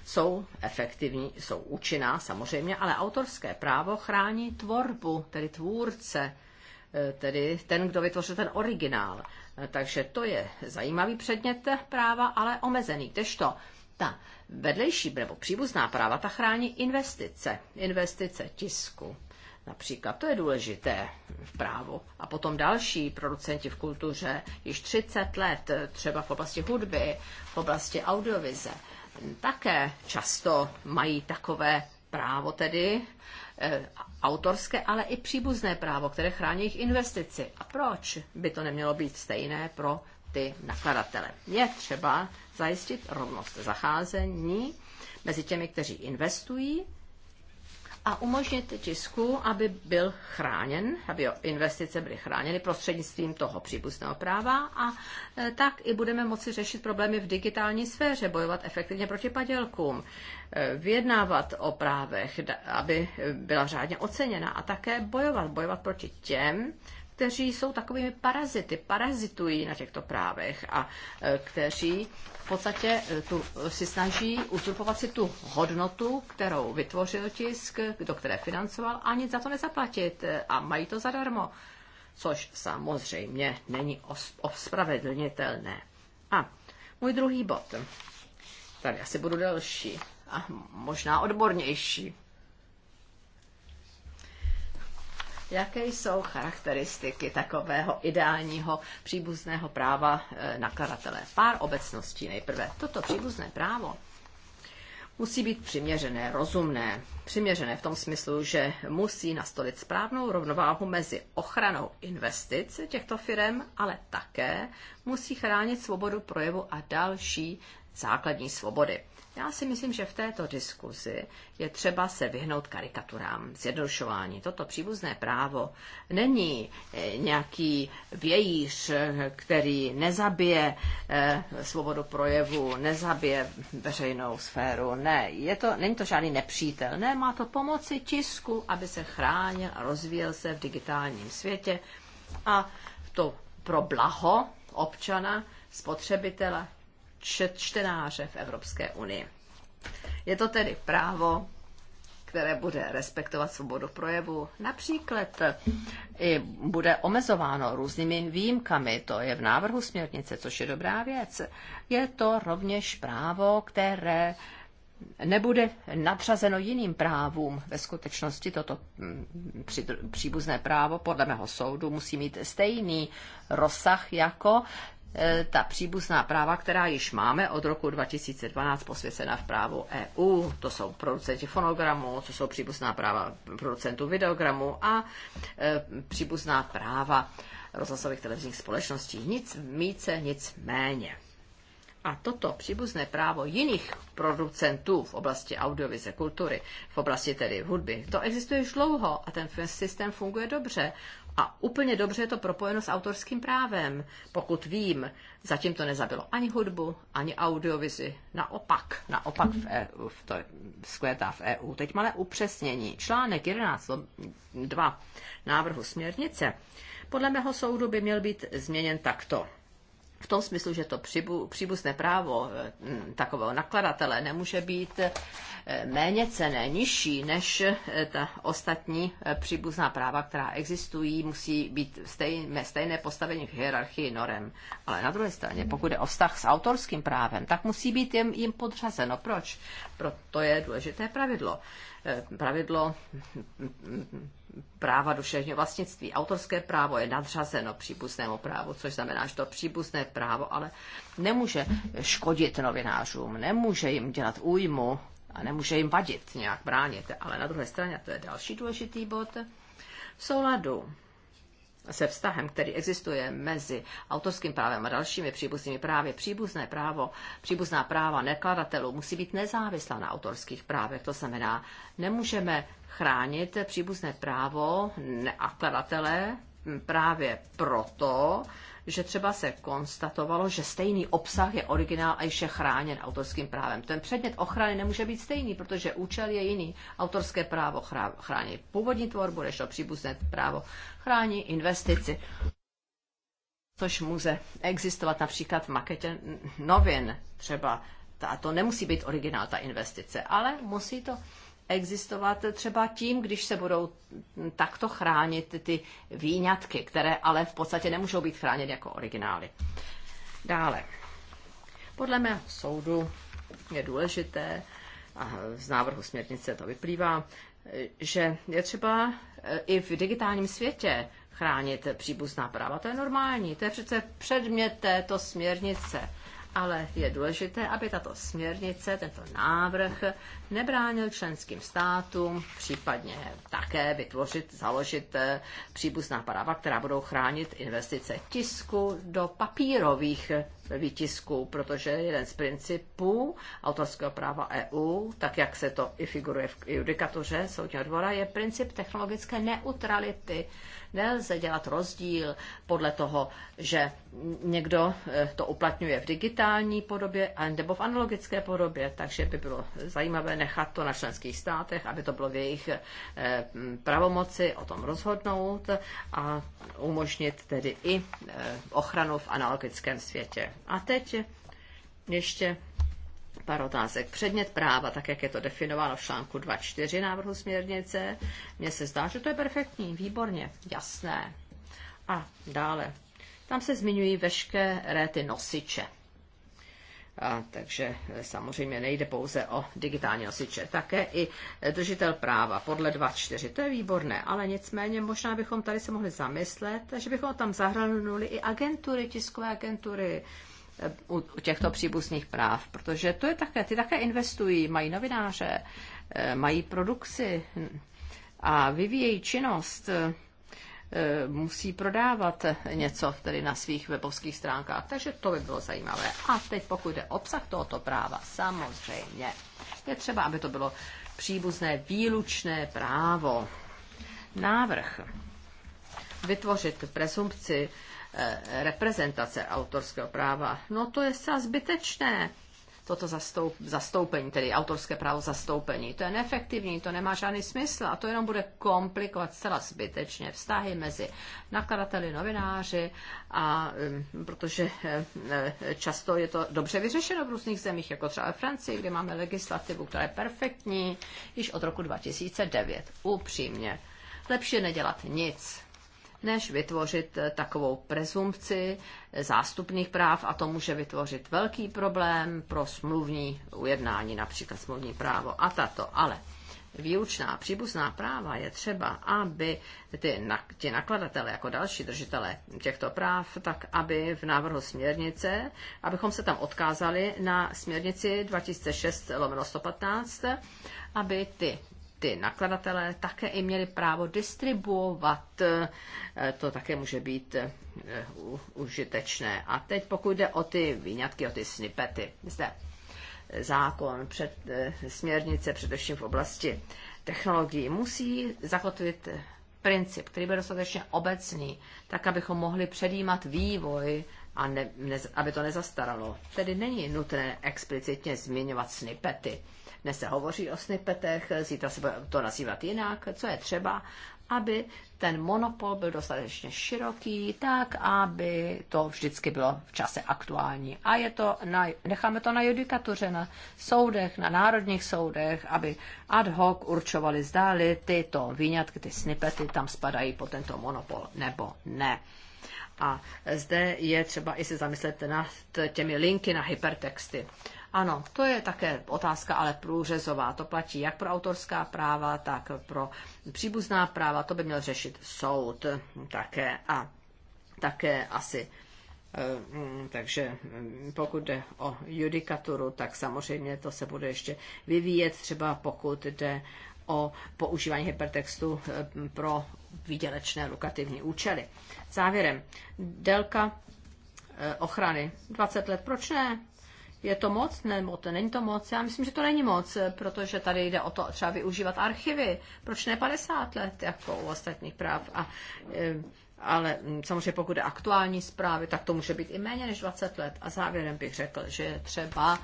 jsou efektivní, jsou účinná samozřejmě, ale autorské právo chrání tvorbu, tedy tvůrce, e, tedy ten, kdo vytvořil ten originál. E, takže to je zajímavý předmět práva, ale omezený. Kdežto ta vedlejší nebo příbuzná práva, ta chrání investice. Investice tisku, Například to je důležité v právu. A potom další producenti v kultuře, již 30 let, třeba v oblasti hudby, v oblasti audiovize, také často mají takové právo tedy e, autorské, ale i příbuzné právo, které chrání jejich investici. A proč by to nemělo být stejné pro ty nakladatele? Je třeba zajistit rovnost zacházení mezi těmi, kteří investují a umožnit tisku, aby byl chráněn, aby investice byly chráněny prostřednictvím toho přípustného práva a e, tak i budeme moci řešit problémy v digitální sféře, bojovat efektivně proti padělkům, e, vyjednávat o právech, aby byla řádně oceněna a také bojovat, bojovat proti těm, kteří jsou takovými parazity, parazitují na těchto právech a e, kteří v podstatě e, tu, si snaží uzurpovat si tu hodnotu, kterou vytvořil tisk, do které financoval, a nic za to nezaplatit e, a mají to zadarmo, což samozřejmě není ospravedlnitelné. A můj druhý bod, tady asi budu delší a možná odbornější. Jaké jsou charakteristiky takového ideálního příbuzného práva e, nakladatele? Pár obecností nejprve. Toto příbuzné právo musí být přiměřené, rozumné. Přiměřené v tom smyslu, že musí nastolit správnou rovnováhu mezi ochranou investic těchto firm, ale také musí chránit svobodu projevu a další základní svobody. Já si myslím, že v této diskuzi je třeba se vyhnout karikaturám, zjednodušování. Toto příbuzné právo není eh, nějaký vějíř, který nezabije eh, svobodu projevu, nezabije veřejnou sféru. Ne, je to, není to žádný nepřítel. Ne, má to pomoci tisku, aby se chránil a rozvíjel se v digitálním světě. A to pro blaho občana, spotřebitele čet, čtenáře v Evropské unii. Je to tedy právo, které bude respektovat svobodu projevu. Například eh, i bude omezováno různými výjimkami, to je v návrhu směrnice, což je dobrá věc. Je to rovněž právo, které nebude nadřazeno jiným právům. Ve skutečnosti toto mm, příbuzné právo podle mého soudu musí mít stejný rozsah jako E, ta příbuzná práva, která již máme od roku 2012 posvěcena v právu EU. To jsou producenti fonogramů, to jsou příbuzná práva producentů videogramů a e, příbuzná práva rozhlasových televizních společností. Nic více, nic méně. A toto příbuzné právo jiných producentů v oblasti audiovize kultury, v oblasti tedy hudby, to existuje už dlouho a ten systém funguje dobře. A úplně dobře je to propojeno s autorským právem. Pokud vím, zatím to nezabilo ani hudbu, ani audiovizi. Naopak, naopak v, EU, v to skvětá v EU. Teď malé upřesnění. Článek 11.2 no, návrhu směrnice podle mého soudu by měl být změněn takto v tom smyslu, že to příbuzné právo eh, takového nakladatele nemůže být eh, méně cené, nižší než eh, ta ostatní příbuzná práva, která existují, musí být stejné, stejné postavení v hierarchii norem. Ale na druhé straně, pokud je o vztah s autorským právem, tak musí být jim, jim podřazeno. Proč? Proto je důležité pravidlo. Pravidlo práva duševního vlastnictví. Autorské právo je nadřazeno přípustnému právu, což znamená, že to přípustné právo ale nemůže škodit novinářům, nemůže jim dělat újmu a nemůže jim vadit, nějak bránit. Ale na druhé straně, a to je další důležitý bod, v souladu se vztahem, který existuje mezi autorským právem a dalšími příbuznými právy, příbuzné právo, příbuzná práva nekladatelů musí být nezávislá na autorských právech. To znamená, nemůžeme chránit příbuzné právo nekladatele právě proto, že třeba se konstatovalo, že stejný obsah je originál a je chráněn autorským právem. Ten předmět ochrany nemůže být stejný, protože účel je jiný. Autorské právo chrání původní tvorbu, než to příbuzné právo chrání investici což může existovat například v maketě novin třeba. A to nemusí být originál, ta investice, ale musí to existovat třeba tím, když se budou takto chránit ty výňatky, které ale v podstatě nemůžou být chráněny jako originály. Dále. Podle mého soudu je důležité, a z návrhu směrnice to vyplývá, že je třeba eh, i v digitálním světě chránit příbuzná práva. To je normální, to je přece předmět této směrnice. Ale je důležité, aby tato směrnice, tento návrh nebránil členským státům případně také vytvořit, založit eh, příbuzná práva, která budou chránit investice tisku do papírových eh, výtisků, protože jeden z principů autorského práva EU, tak jak se to i figuruje v judikatuře soudního dvora, je princip technologické neutrality. Nelze dělat rozdíl podle toho, že někdo eh, to uplatňuje v digitální podobě nebo v analogické podobě, takže by bylo zajímavé nechat to na členských státech, aby to bylo v jejich eh, pravomoci o tom rozhodnout a umožnit tedy i eh, ochranu v analogickém světě. A teď ještě pár otázek. Předmět práva, tak jak je to definováno v článku 2.4 návrhu směrnice, mně se zdá, že to je perfektní, výborně, jasné. A dále. Tam se zmiňují veškeré ty nosiče a, takže eh, samozřejmě nejde pouze o digitální nosiče, také i eh, držitel práva podle 2.4. To je výborné, ale nicméně možná bychom tady se mohli zamyslet, že bychom tam zahrnuli i agentury, tiskové agentury eh, u, u těchto příbuzných práv, protože to je také, ty také investují, mají novináře, mají produkci hm, a vyvíjejí činnost Eh, musí prodávat něco tedy na svých webovských stránkách. Takže to by bylo zajímavé. A teď pokud jde obsah tohoto práva, samozřejmě je třeba, aby to bylo příbuzné výlučné právo. Návrh vytvořit prezumpci eh, reprezentace autorského práva, no to je zcela zbytečné toto zastoup, zastoupení, tedy autorské právo zastoupení. To je neefektivní, to nemá žádný smysl a to jenom bude komplikovat zcela zbytečně vztahy mezi nakladateli, novináři a hm, protože hm, často je to dobře vyřešeno v různých zemích, jako třeba ve Francii, kde máme legislativu, která je perfektní již od roku 2009. Upřímně. Lepší je nedělat nic než vytvořit eh, takovou prezumpci eh, zástupných práv a to může vytvořit velký problém pro smluvní ujednání, například smluvní právo a tato. Ale výlučná příbuzná práva je třeba, aby ty, na, ti nakladatele jako další držitele těchto práv, tak aby v návrhu směrnice, abychom se tam odkázali na směrnici 2006 115, aby ty ty nakladatelé také i měli právo distribuovat. Eh, to také může být eh, užitečné. A teď pokud jde o ty výňatky, o ty snipety, Zde zákon, před, eh, směrnice, především v oblasti technologií, musí zakotvit princip, který byl dostatečně obecný, tak abychom mohli předjímat vývoj a ne, ne, aby to nezastaralo. Tedy není nutné explicitně zmiňovat snipety. Dnes se hovoří o snipetech, zítra se bude to nazývat jinak, co je třeba, aby ten monopol byl dostatečně široký, tak aby to vždycky bylo v čase aktuální. A je to na, necháme to na judikatuře, na soudech, na národních soudech, aby ad hoc určovali zdáli tyto výňatky, ty snipety tam spadají po tento monopol nebo ne. A zde je třeba i se zamyslet nad těmi linky na hypertexty. Ano, to je také otázka, ale průřezová. To platí jak pro autorská práva, tak pro příbuzná práva. To by měl řešit soud také a také asi. Eh, mm, takže mm, pokud jde o judikaturu, tak samozřejmě to se bude ještě vyvíjet, třeba pokud jde o používání hypertextu eh, pro výdělečné lukativní účely. Závěrem, délka eh, ochrany. 20 let, proč ne? Je to moc? Nebo to není to moc? Já myslím, že to není moc, eh, protože tady jde o to třeba využívat archivy. Proč ne 50 let, jako u ostatních práv? A, eh, ale hm, samozřejmě pokud je aktuální zprávy, tak to může být i méně než 20 let. A závěrem bych řekl, že je třeba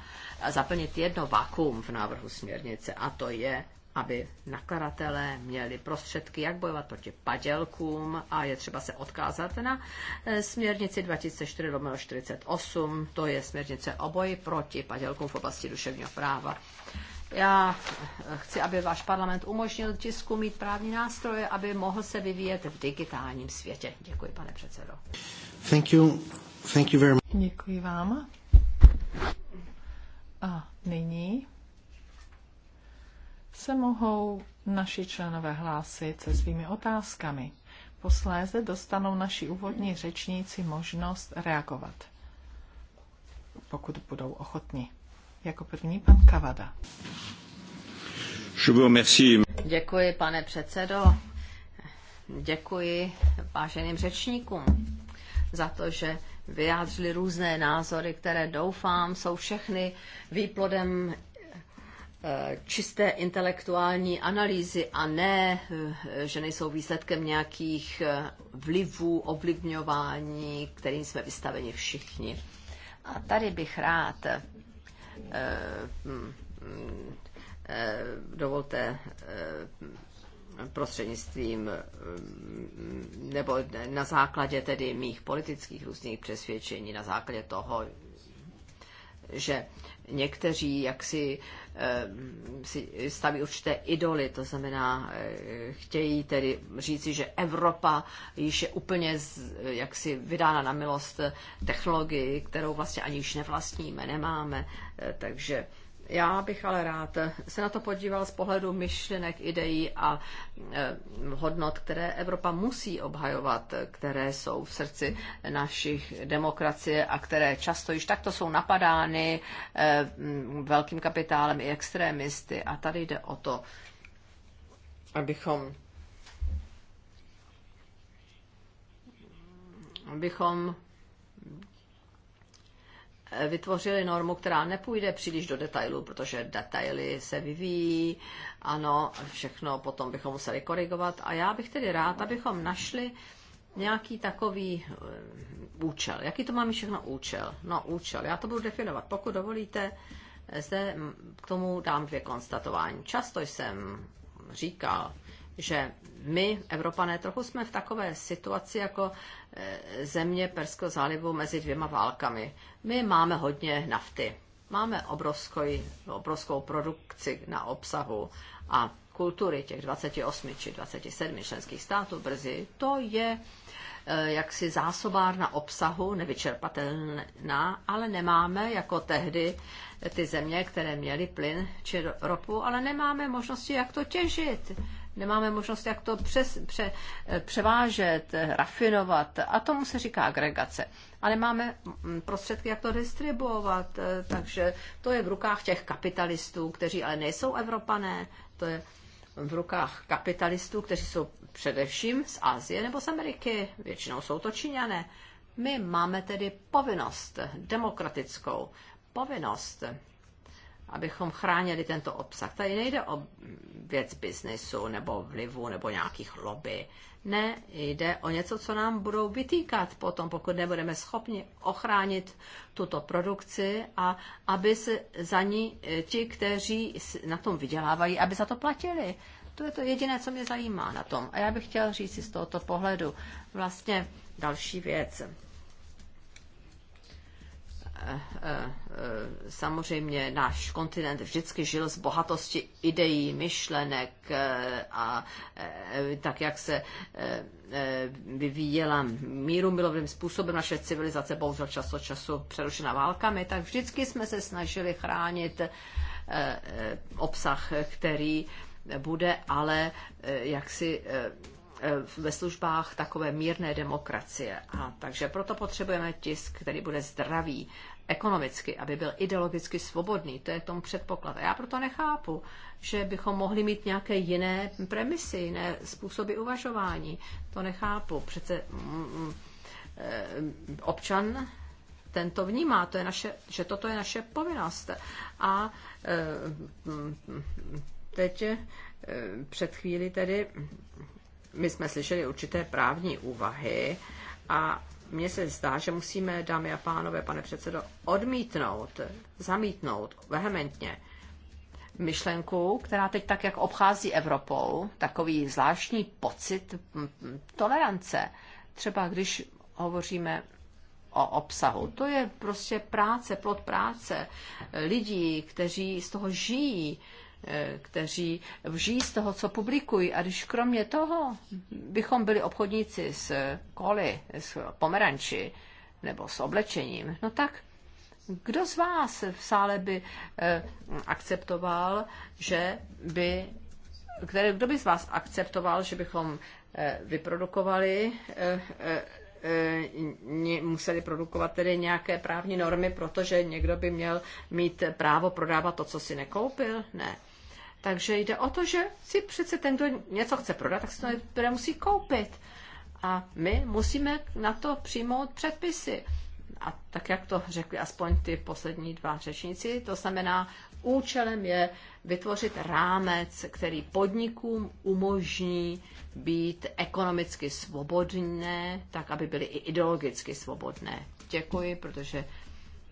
zaplnit jedno vakuum v návrhu směrnice a to je aby nakladatelé měli prostředky, jak bojovat proti padělkům a je třeba se odkázat na eh, směrnici 2004-48, to je směrnice o boji proti padělkům v oblasti duševního práva. Já eh, chci, aby váš parlament umožnil tisku mít právní nástroje, aby mohl se vyvíjet v digitálním světě. Děkuji, pane předsedo. Thank you. Thank you very much. Děkuji vám. A nyní se mohou naši členové hlásit se svými otázkami. Posléze dostanou naši úvodní řečníci možnost reagovat, pokud budou ochotni. Jako první pan Kavada. Děkuji, pane předsedo. Děkuji váženým řečníkům za to, že vyjádřili různé názory, které doufám jsou všechny výplodem Eh, čisté intelektuální analýzy a ne, eh, že nejsou výsledkem nějakých eh, vlivů, ovlivňování, kterým jsme vystaveni všichni. A tady bych rád mm, dovolte prostřednictvím mm, nebo na základě tedy mých politických různých přesvědčení, na základě toho, že někteří jaksi eh, si staví určité idoly, to znamená, eh, chtějí tedy říci, že Evropa již je úplně jaksi vydána na milost technologii, kterou vlastně ani již nevlastníme, nemáme, eh, takže já bych ale rád se na to podíval z pohledu myšlenek, ideí a e, hodnot, které Evropa musí obhajovat, které jsou v srdci našich demokracie a které často již takto jsou napadány e, velkým kapitálem i extrémisty. A tady jde o to, abychom abychom vytvořili normu, která nepůjde příliš do detailů, protože detaily se vyvíjí, ano, všechno potom bychom museli korigovat. A já bych tedy rád, abychom našli nějaký takový eh, účel. Jaký to má mít všechno účel? No účel, já to budu definovat. Pokud dovolíte, zde mm, k tomu dám dvě konstatování. Často jsem říkal, že my, Evropané, trochu jsme v takové situaci jako eh, země Perského zálivu mezi dvěma válkami. My máme hodně nafty, máme obrovskou, obrovskou produkci na obsahu a kultury těch 28 či 27 členských států brzy, to je eh, jaksi zásobárna obsahu, nevyčerpatelná, ale nemáme jako tehdy ty země, které měly plyn či ropu, ale nemáme možnosti, jak to těžit nemáme možnost, jak to přes, pře, eh, převážet, rafinovat. A tomu se říká agregace. Ale máme mm, prostředky, jak to distribuovat, eh, takže to je v rukách těch kapitalistů, kteří ale nejsou Evropané, to je v rukách kapitalistů, kteří jsou především z Asie nebo z Ameriky, většinou jsou to Číňané. My máme tedy povinnost demokratickou, povinnost abychom chránili tento obsah. Tady nejde o věc biznesu nebo vlivu nebo nějakých lobby. Ne, jde o něco, co nám budou vytýkat potom, pokud nebudeme schopni ochránit tuto produkci a aby se za ní eh, ti, kteří na tom vydělávají, aby za to platili. To je to jediné, co mě zajímá na tom. A já bych chtěl říct si z tohoto pohledu vlastně další věc. Eh, eh, samozřejmě náš kontinent vždycky žil z bohatosti ideí, myšlenek eh, a tak, jak se vyvíjela míru milovným způsobem naše civilizace, bohužel čas od času přerušena válkami, tak vždycky jsme se snažili chránit obsah, který bude ale jaksi Eh, ve službách takové mírné demokracie. A takže proto potřebujeme tisk, který bude zdravý ekonomicky, aby byl ideologicky svobodný. To je tomu předpoklad. A já proto nechápu, že bychom mohli mít nějaké jiné premisy, jiné způsoby uvažování. To nechápu. Přece mm, eh, občan tento vnímá, to je naše, že toto je naše povinnost. A eh, mm, teď před chvíli tedy my jsme slyšeli určité právní úvahy a mně se zdá, že musíme, dámy a pánové, pane předsedo, odmítnout, zamítnout vehementně myšlenku, která teď tak, jak obchází Evropou, takový zvláštní pocit tolerance. Třeba když hovoříme o obsahu. To je prostě práce, plod práce lidí, kteří z toho žijí Eh, kteří žijí z toho, co publikují. A když kromě toho bychom byli obchodníci s koli, s pomeranči nebo s oblečením, no tak kdo z vás v sále by eh, akceptoval, že by, který, kdo by z vás akceptoval, že bychom eh, vyprodukovali museli produkovat tedy nějaké právní normy, protože někdo by měl mít právo prodávat to, co si nekoupil? Ne. Takže jde o to, že si přece ten, kdo něco chce prodat, tak si to nejprve musí koupit. A my musíme na to přijmout předpisy. A tak, jak to řekli aspoň ty poslední dva řečníci, to znamená, účelem je vytvořit rámec, který podnikům umožní být ekonomicky svobodné, tak aby byly i ideologicky svobodné. Děkuji, protože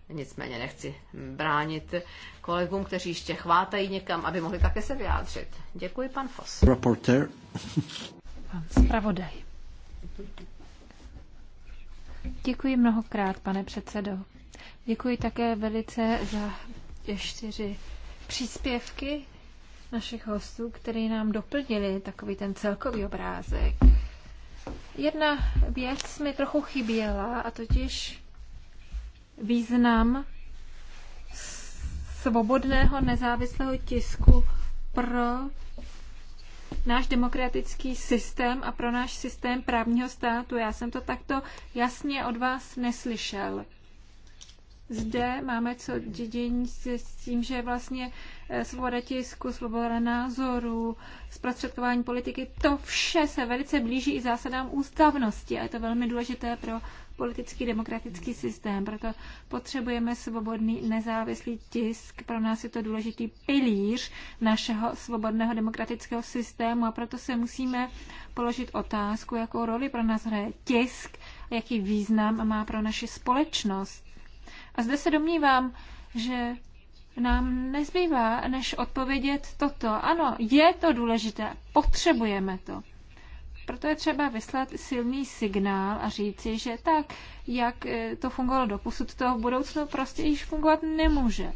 Nicméně nechci bránit kolegům, kteří ještě chvátají někam, aby mohli také se vyjádřit. Děkuji, pan Fos. Reporter. Pan zpravodaj. Děkuji mnohokrát, pane předsedo. Děkuji také velice za čtyři příspěvky našich hostů, které nám doplnili takový ten celkový obrázek. Jedna věc mi trochu chyběla, a totiž význam svobodného nezávislého tisku pro náš demokratický systém a pro náš systém právního státu. Já jsem to takto jasně od vás neslyšel zde máme co dědění s tím, že vlastně eh, svoboda tisku, svoboda názoru, zprostředkování politiky, to vše se velice blíží i zásadám ústavnosti a je to velmi důležité pro politický demokratický systém. Proto potřebujeme svobodný nezávislý tisk. Pro nás je to důležitý pilíř našeho svobodného demokratického systému a proto se musíme položit otázku, jakou roli pro nás hraje tisk, jaký význam má pro naši společnost. A zde se domnívám, že nám nezbývá, než odpovědět toto. Ano, je to důležité, potřebujeme to. Proto je třeba vyslat silný signál a říci, že tak, jak eh, to fungovalo doposud, to v budoucnu prostě již fungovat nemůže.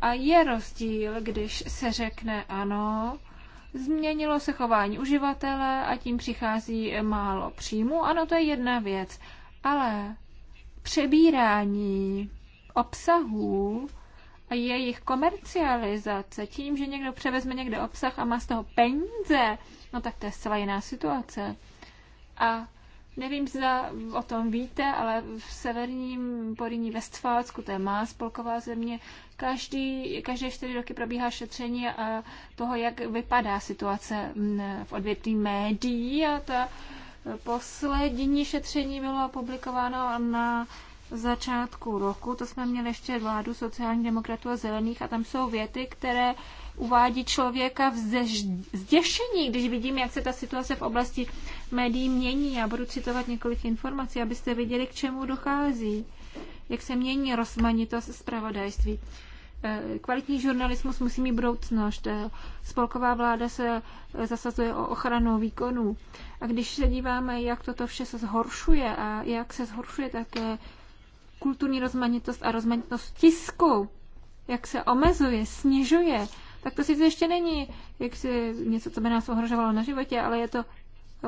A je rozdíl, když se řekne ano, změnilo se chování uživatele a tím přichází málo příjmu. Ano, to je jedna věc. Ale přebírání obsahů a jejich komercializace tím, že někdo převezme někde obsah a má z toho peníze, no tak to je zcela jiná situace. A nevím, zda o tom víte, ale v severním Poríní Vestfálsku, to je má spolková země, každý, každé čtyři roky probíhá šetření a toho, jak vypadá situace v odvětví médií a ta Poslední šetření bylo publikováno na začátku roku, to jsme měli ještě vládu sociálních demokratů a zelených a tam jsou věty, které uvádí člověka v zděšení, když vidím, jak se ta situace v oblasti médií mění. Já budu citovat několik informací, abyste viděli, k čemu dochází, jak se mění rozmanitost zpravodajství. Eh, kvalitní žurnalismus musí mít budoucnost. Eh, spolková vláda se eh, zasazuje o ochranu výkonů. A když se díváme, jak toto vše se zhoršuje a jak se zhoršuje také kulturní rozmanitost a rozmanitost tisku, jak se omezuje, snižuje, tak to sice ještě není jak si něco, co by nás ohrožovalo na životě, ale je to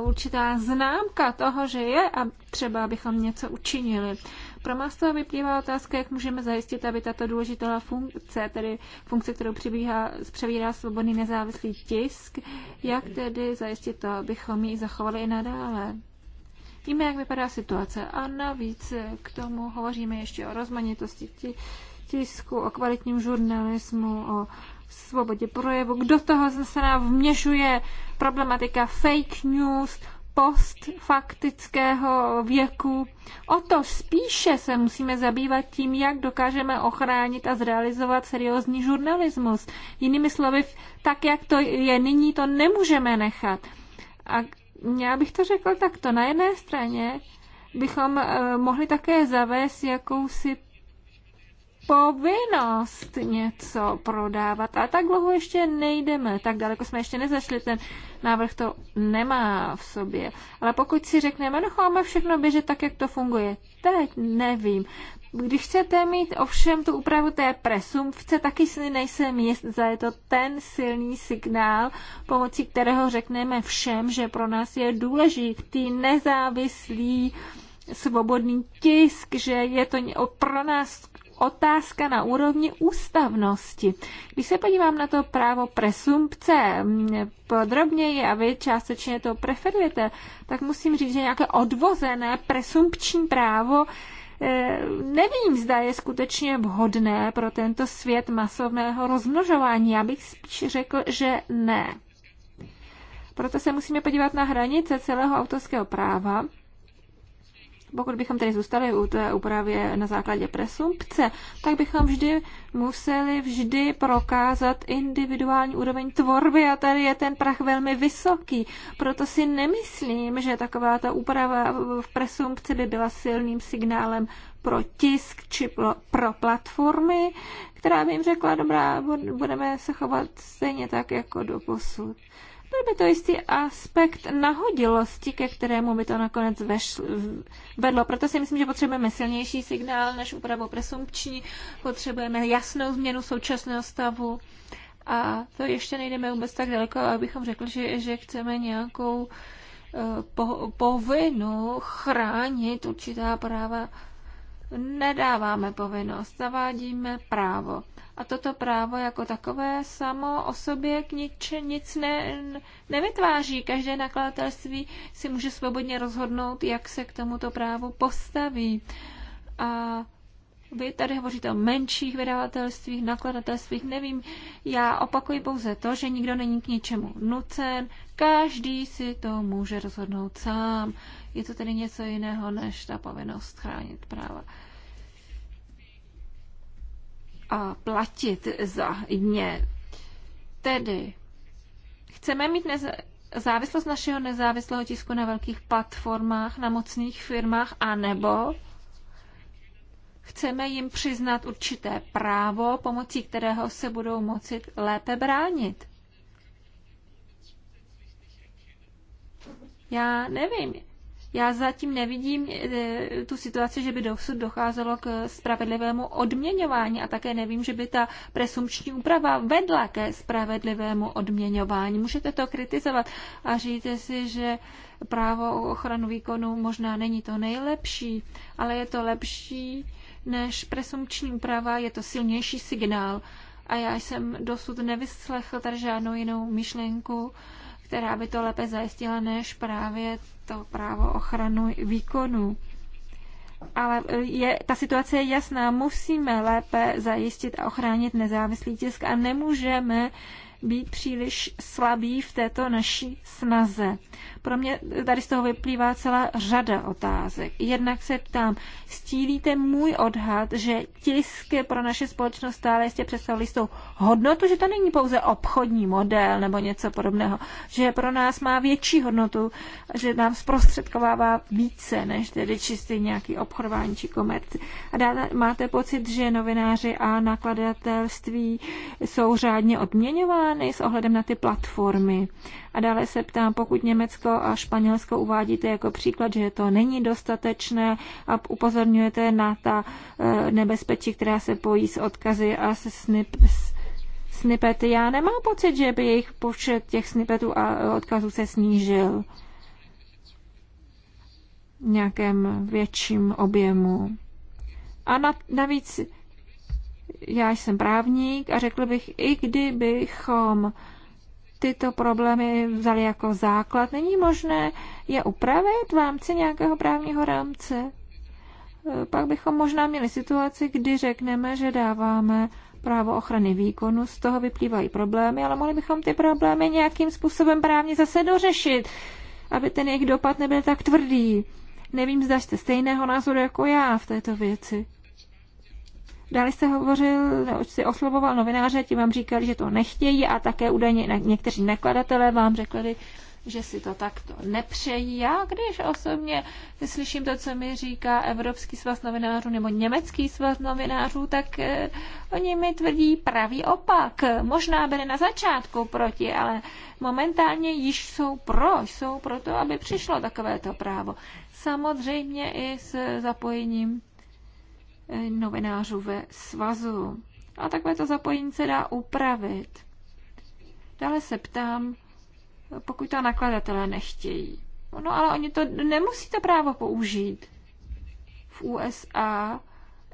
určitá známka toho, že je a třeba abychom něco učinili. Pro nás to vyplývá otázka, jak můžeme zajistit, aby tato důležitá funkce, tedy funkce, kterou přibíhá, převírá svobodný nezávislý tisk, jak tedy zajistit to, abychom ji zachovali i nadále. Víme, jak vypadá situace a navíc k tomu hovoříme ještě o rozmanitosti tisku, o kvalitním žurnalismu, o svobodě projevu. Kdo toho se nám vměšuje problematika fake news, postfaktického faktického věku. O to spíše se musíme zabývat tím, jak dokážeme ochránit a zrealizovat seriózní žurnalismus. Jinými slovy, tak jak to je nyní, to nemůžeme nechat. A já bych to řekl takto. Na jedné straně bychom eh, mohli také zavést jakousi povinnost něco prodávat. A tak dlouho ještě nejdeme, tak daleko jsme ještě nezašli, ten návrh to nemá v sobě. Ale pokud si řekneme, no cháme všechno běžet tak, jak to funguje, teď nevím. Když chcete mít ovšem tu úpravu té presumpce, taky si nejsem jist, za je to ten silný signál, pomocí kterého řekneme všem, že pro nás je důležitý nezávislý svobodný tisk, že je to pro nás otázka na úrovni ústavnosti. Když se podívám na to právo presumpce mm, podrobněji a vy částečně to preferujete, tak musím říct, že nějaké odvozené presumpční právo e, nevím, zda je skutečně vhodné pro tento svět masovného rozmnožování. Já bych spíš řekl, že ne. Proto se musíme podívat na hranice celého autorského práva pokud bychom tedy zůstali u té úpravy na základě presumpce, tak bychom vždy museli vždy prokázat individuální úroveň tvorby a tady je ten prach velmi vysoký. Proto si nemyslím, že taková ta úprava v presumpci by byla silným signálem pro tisk či pro platformy, která by jim řekla, dobrá, budeme se chovat stejně tak jako do posud. Byl by to jistý aspekt nahodilosti, ke kterému by to nakonec vešl, vedlo. Proto si myslím, že potřebujeme silnější signál než úpravu presumpční, potřebujeme jasnou změnu současného stavu. A to ještě nejdeme vůbec tak daleko, abychom řekli, že, že chceme nějakou eh, po, povinu chránit určitá práva. Nedáváme povinnost, zavádíme právo. A toto právo jako takové samo o sobě k nič, nic ne, nevytváří. Každé nakladatelství si může svobodně rozhodnout, jak se k tomuto právu postaví. A vy tady hovoříte o menších vydavatelstvích, nakladatelstvích, nevím. Já opakuji pouze to, že nikdo není k ničemu nucen, každý si to může rozhodnout sám. Je to tedy něco jiného než ta povinnost chránit práva a platit za ně. Tedy chceme mít závislost našeho nezávislého tisku na velkých platformách, na mocných firmách, anebo chceme jim přiznat určité právo, pomocí kterého se budou moci lépe bránit. Já nevím, já zatím nevidím eh, tu situaci, že by dosud docházelo k spravedlivému odměňování a také nevím, že by ta presumpční úprava vedla ke spravedlivému odměňování. Můžete to kritizovat a říte si, že právo o ochranu výkonu možná není to nejlepší, ale je to lepší než presumpční úprava, je to silnější signál. A já jsem dosud nevyslechl tady žádnou jinou myšlenku, která by to lépe zajistila než právě to právo ochranu výkonu. Ale je, ta situace je jasná. Musíme lépe zajistit a ochránit nezávislý tisk a nemůžeme být příliš slabí v této naší snaze. Pro mě tady z toho vyplývá celá řada otázek. Jednak se ptám, stílíte můj odhad, že tisk pro naše společnost stále ještě s jistou hodnotu, že to není pouze obchodní model nebo něco podobného, že pro nás má větší hodnotu, že nám zprostředkovává více než tedy čistý nějaký obchodování či komerci. A dále máte pocit, že novináři a nakladatelství jsou řádně odměňovány s ohledem na ty platformy. A dále se ptám, pokud Německo a Španělsko uvádíte jako příklad, že to není dostatečné a upozorňujete na ta eh, nebezpečí, která se pojí s odkazy a se snip, snipety. Já nemám pocit, že by jejich počet těch snipetů a odkazů se snížil v nějakém větším objemu. A navíc já jsem právník a řekl bych, i kdybychom tyto problémy vzali jako základ, není možné je upravit v rámci nějakého právního rámce. Pak bychom možná měli situaci, kdy řekneme, že dáváme právo ochrany výkonu, z toho vyplývají problémy, ale mohli bychom ty problémy nějakým způsobem právně zase dořešit, aby ten jejich dopad nebyl tak tvrdý. Nevím, zda jste stejného názoru jako já v této věci. Dále se hovořil, si oslovoval novináře, ti vám říkali, že to nechtějí a také údajně někteří nakladatelé vám řekli, že si to takto nepřejí. Já, když osobně slyším to, co mi říká Evropský svaz novinářů nebo Německý svaz novinářů, tak eh, oni mi tvrdí pravý opak. Možná byli na začátku proti, ale momentálně již jsou pro, jsou pro to, aby přišlo takovéto právo. Samozřejmě i s zapojením novinářů ve svazu. A takové to zapojení se dá upravit. Dále se ptám, pokud to nakladatelé nechtějí. No ale oni to nemusí to právo použít. V USA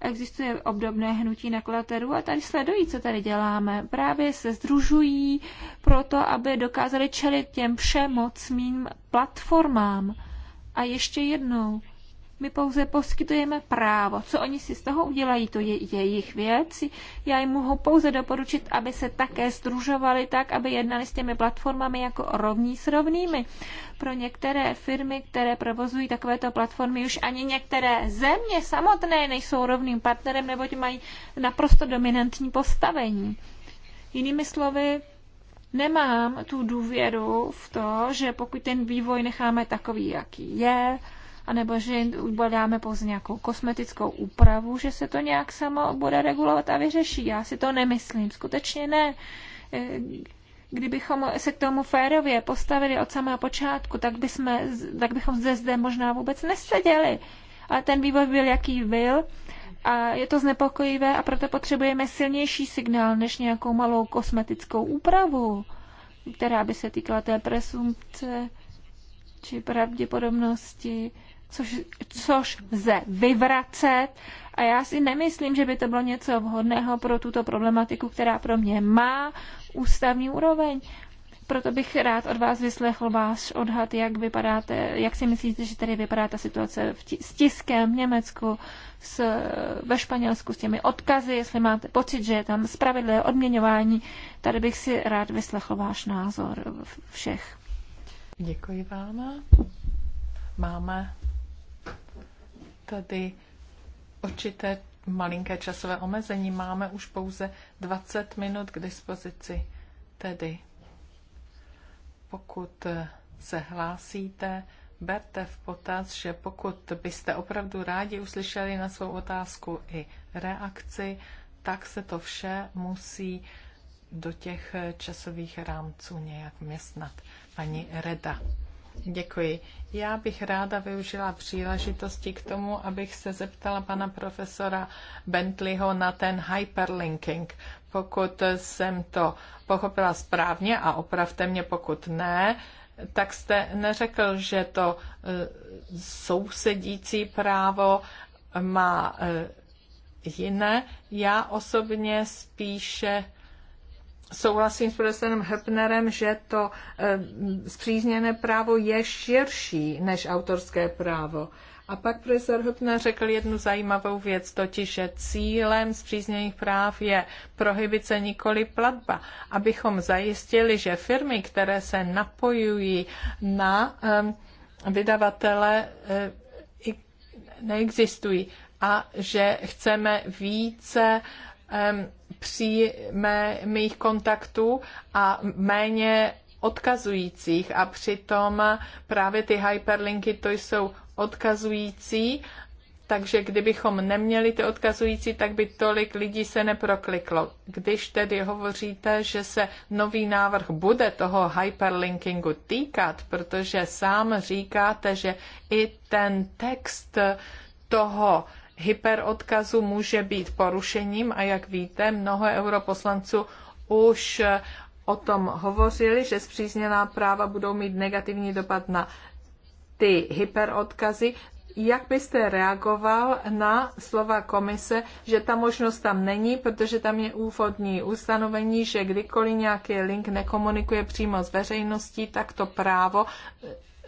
existuje obdobné hnutí nakladatelů a tady sledují, co tady děláme. Právě se združují proto, aby dokázali čelit těm všemocným platformám. A ještě jednou, my pouze poskytujeme právo. Co oni si z toho udělají, to je jejich věc. Já jim mohu pouze doporučit, aby se také združovali tak, aby jednali s těmi platformami jako rovní s rovnými. Pro některé firmy, které provozují takovéto platformy, už ani některé země samotné nejsou rovným partnerem, neboť mají naprosto dominantní postavení. Jinými slovy, nemám tu důvěru v to, že pokud ten vývoj necháme takový, jaký je, anebo že jim dáme pouze nějakou kosmetickou úpravu, že se to nějak samo bude regulovat a vyřeší. Já si to nemyslím, skutečně ne. Eh, kdybychom se k tomu férově postavili od samého počátku, tak, bychom, tak bychom zde, zde možná vůbec neseděli. Ale ten vývoj byl, jaký byl. A je to znepokojivé a proto potřebujeme silnější signál než nějakou malou kosmetickou úpravu, která by se týkala té presumpce či pravděpodobnosti což, což lze vyvracet. A já si nemyslím, že by to bylo něco vhodného pro tuto problematiku, která pro mě má ústavní úroveň. Proto bych rád od vás vyslechl váš odhad, jak vypadáte, jak si myslíte, že tady vypadá ta situace v tí, s tiskem v Německu, s, ve Španělsku, s těmi odkazy, jestli máte pocit, že je tam spravedlivé odměňování. Tady bych si rád vyslechl váš názor všech. Děkuji vám. Máme tady určité malinké časové omezení. Máme už pouze 20 minut k dispozici. Tedy pokud eh, se hlásíte, berte v potaz, že pokud byste opravdu rádi uslyšeli na svou otázku i reakci, tak se to vše musí do těch eh, časových rámců nějak městnat. Pani Reda. Děkuji. Já bych ráda využila příležitosti k tomu, abych se zeptala pana profesora Bentleyho na ten hyperlinking. Pokud jsem to pochopila správně a opravte mě, pokud ne, tak jste neřekl, že to eh, sousedící právo má eh, jiné. Já osobně spíše souhlasím s profesorem Hepnerem, že to zpřízněné eh, právo je širší než autorské právo. A pak profesor Hübner řekl jednu zajímavou věc, totiž, že cílem zpřízněných práv je prohibice nikoli platba, abychom zajistili, že firmy, které se napojují na um, vydavatele, eh, neexistují a že chceme více um, přímé mých kontaktů a méně odkazujících a přitom právě ty hyperlinky to jsou odkazující, takže kdybychom neměli ty odkazující, tak by tolik lidí se neprokliklo. Když tedy hovoříte, že se nový návrh bude toho hyperlinkingu týkat, protože sám říkáte, že i ten text toho hyperodkazu může být porušením a jak víte, mnoho europoslanců už eh, o tom hovořili, že zpřízněná práva budou mít negativní dopad na ty hyperodkazy. Jak byste reagoval na slova komise, že ta možnost tam není, protože tam je úvodní ustanovení, že kdykoliv nějaký link nekomunikuje přímo s veřejností, tak to právo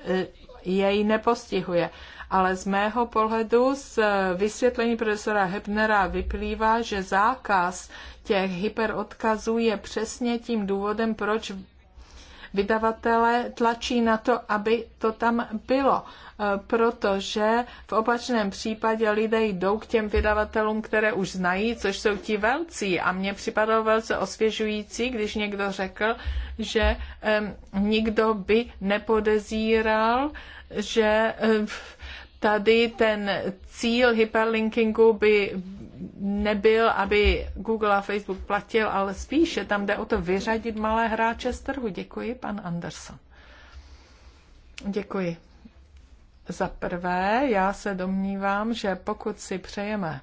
eh, jej nepostihuje ale z mého pohledu z vysvětlení profesora Hebnera vyplývá, že zákaz těch hyperodkazů je přesně tím důvodem, proč vydavatele tlačí na to, aby to tam bylo, e, protože v opačném případě lidé jdou k těm vydavatelům, které už znají, což jsou ti velcí. A mně připadalo velice osvěžující, když někdo řekl, že um, nikdo by nepodezíral, že um, tady ten cíl hyperlinkingu by nebyl, aby Google a Facebook platil, ale spíše tam jde o to vyřadit malé hráče z trhu. Děkuji, pan Anderson. Děkuji. Za prvé, já se domnívám, že pokud si přejeme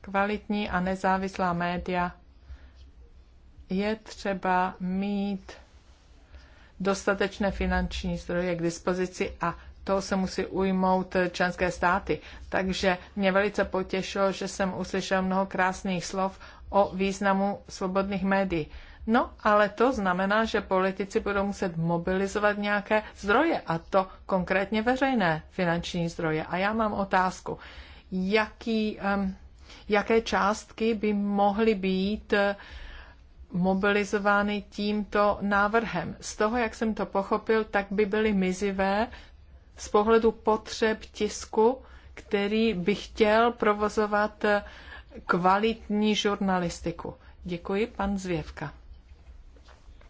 kvalitní a nezávislá média, je třeba mít dostatečné finanční zdroje k dispozici a to se musí ujmout členské státy. Takže mě velice potěšilo, že jsem uslyšel mnoho krásných slov o významu svobodných médií. No, ale to znamená, že politici budou muset mobilizovat nějaké zdroje, a to konkrétně veřejné finanční zdroje. A já mám otázku, jaký, jaké částky by mohly být eh, mobilizovány tímto návrhem. Z toho, jak jsem to pochopil, tak by byly mizivé, z pohledu potřeb tisku, který by chtěl provozovat eh, kvalitní žurnalistiku. Děkuji, pan Zvěvka.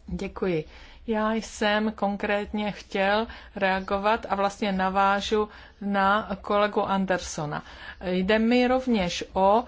Děkuji. Já jsem konkrétně chtěl reagovat a vlastně navážu na kolegu Andersona. Jde mi rovněž o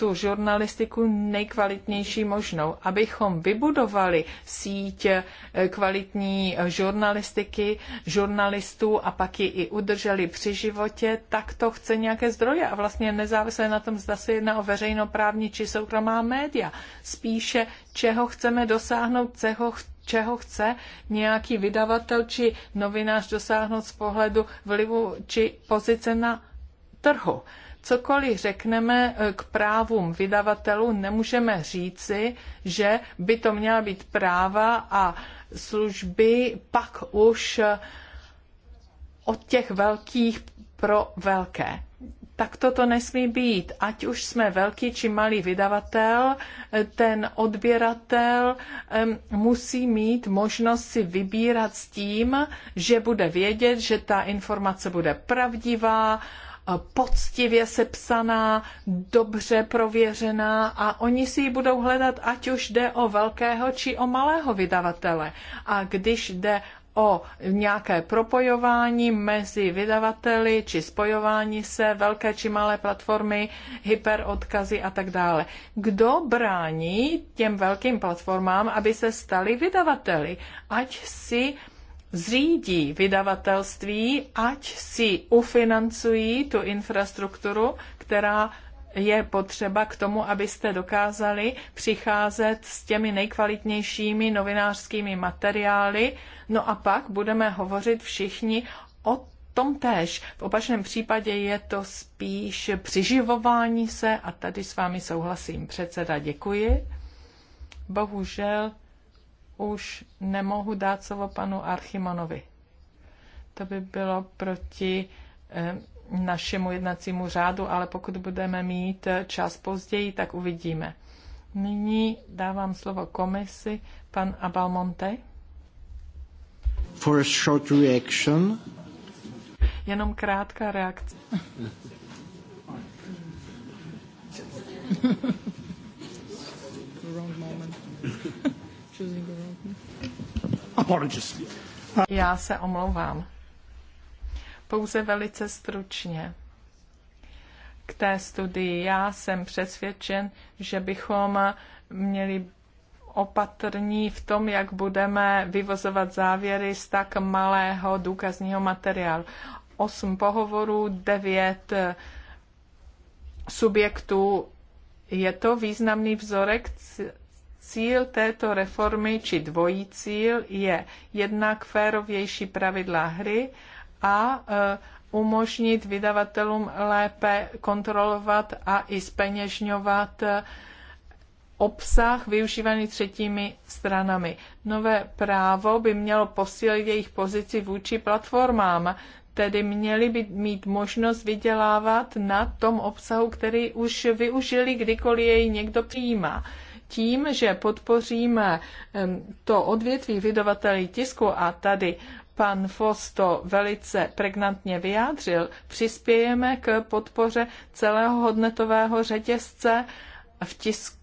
tu žurnalistiku nejkvalitnější možnou, abychom vybudovali síť eh, kvalitní eh, žurnalistiky, žurnalistů a pak ji i udrželi při životě, tak to chce nějaké zdroje a vlastně nezávisle na tom, zda se jedná o veřejnoprávní či soukromá média. Spíše, čeho chceme dosáhnout, čeho chceme čeho chce nějaký vydavatel či novinář dosáhnout z pohledu vlivu či pozice na trhu. Cokoliv řekneme eh, k právům vydavatelů, nemůžeme říci, že by to měla být práva a služby pak už eh, od těch velkých pro velké. Tak toto nesmí být. Ať už jsme velký či malý vydavatel, eh, ten odběratel musí mít možnost si vybírat s tím, že bude vědět, že ta informace bude pravdivá, Eh, poctivě sepsaná, dobře prověřená a oni si ji budou hledat, ať už jde o velkého či o malého vydavatele. A když jde o nějaké propojování mezi vydavateli či spojování se velké či malé platformy, hyperodkazy a tak dále. Kdo brání těm velkým platformám, aby se stali vydavateli? Ať si zřídí vydavatelství, ať si ufinancují tu infrastrukturu, která je potřeba k tomu, abyste dokázali přicházet s těmi nejkvalitnějšími novinářskými materiály. No a pak budeme hovořit všichni o tom též. V opačném případě je to spíš přiživování se a tady s vámi souhlasím. Předseda, děkuji. Bohužel už nemohu dát slovo panu Archimonovi. To by bylo proti eh, našemu jednacímu řádu, ale pokud budeme mít čas později, tak uvidíme. Nyní dávám slovo komisi, pan Abalmonte. For a short reaction. Jenom krátká reakce. wrong moment. choosing Apologies. Já se omlouvám. Pouze velice stručně k té studii. Já jsem přesvědčen, že bychom měli opatrní v tom, jak budeme vyvozovat závěry z tak malého důkazního materiálu. Osm pohovorů, devět subjektů. Je to významný vzorek Cíl této reformy, či dvojí cíl, je jednak férovější pravidla hry a e, umožnit vydavatelům lépe kontrolovat a i speněžňovat e, obsah využívaný třetími stranami. Nové právo by mělo posílit jejich pozici vůči platformám, tedy měli by mít možnost vydělávat na tom obsahu, který už využili, kdykoliv jej někdo přijímá tím, že podpoříme to odvětví vydavatelí tisku a tady pan Fos to velice pregnantně vyjádřil, přispějeme k podpoře celého hodnotového řetězce v tisku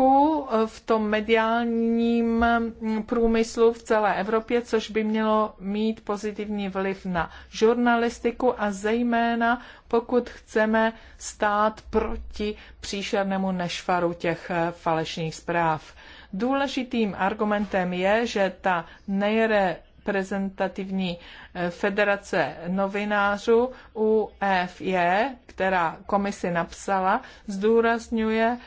tlaku eh, v tom mediálním mm, průmyslu v celé Evropě, což by mělo mít pozitivní vliv na žurnalistiku a zejména pokud chceme stát proti příšernému nešvaru těch eh, falešných zpráv. Důležitým argumentem je, že ta nejre reprezentativní eh, federace novinářů UFJ, která komisi napsala, zdůrazňuje,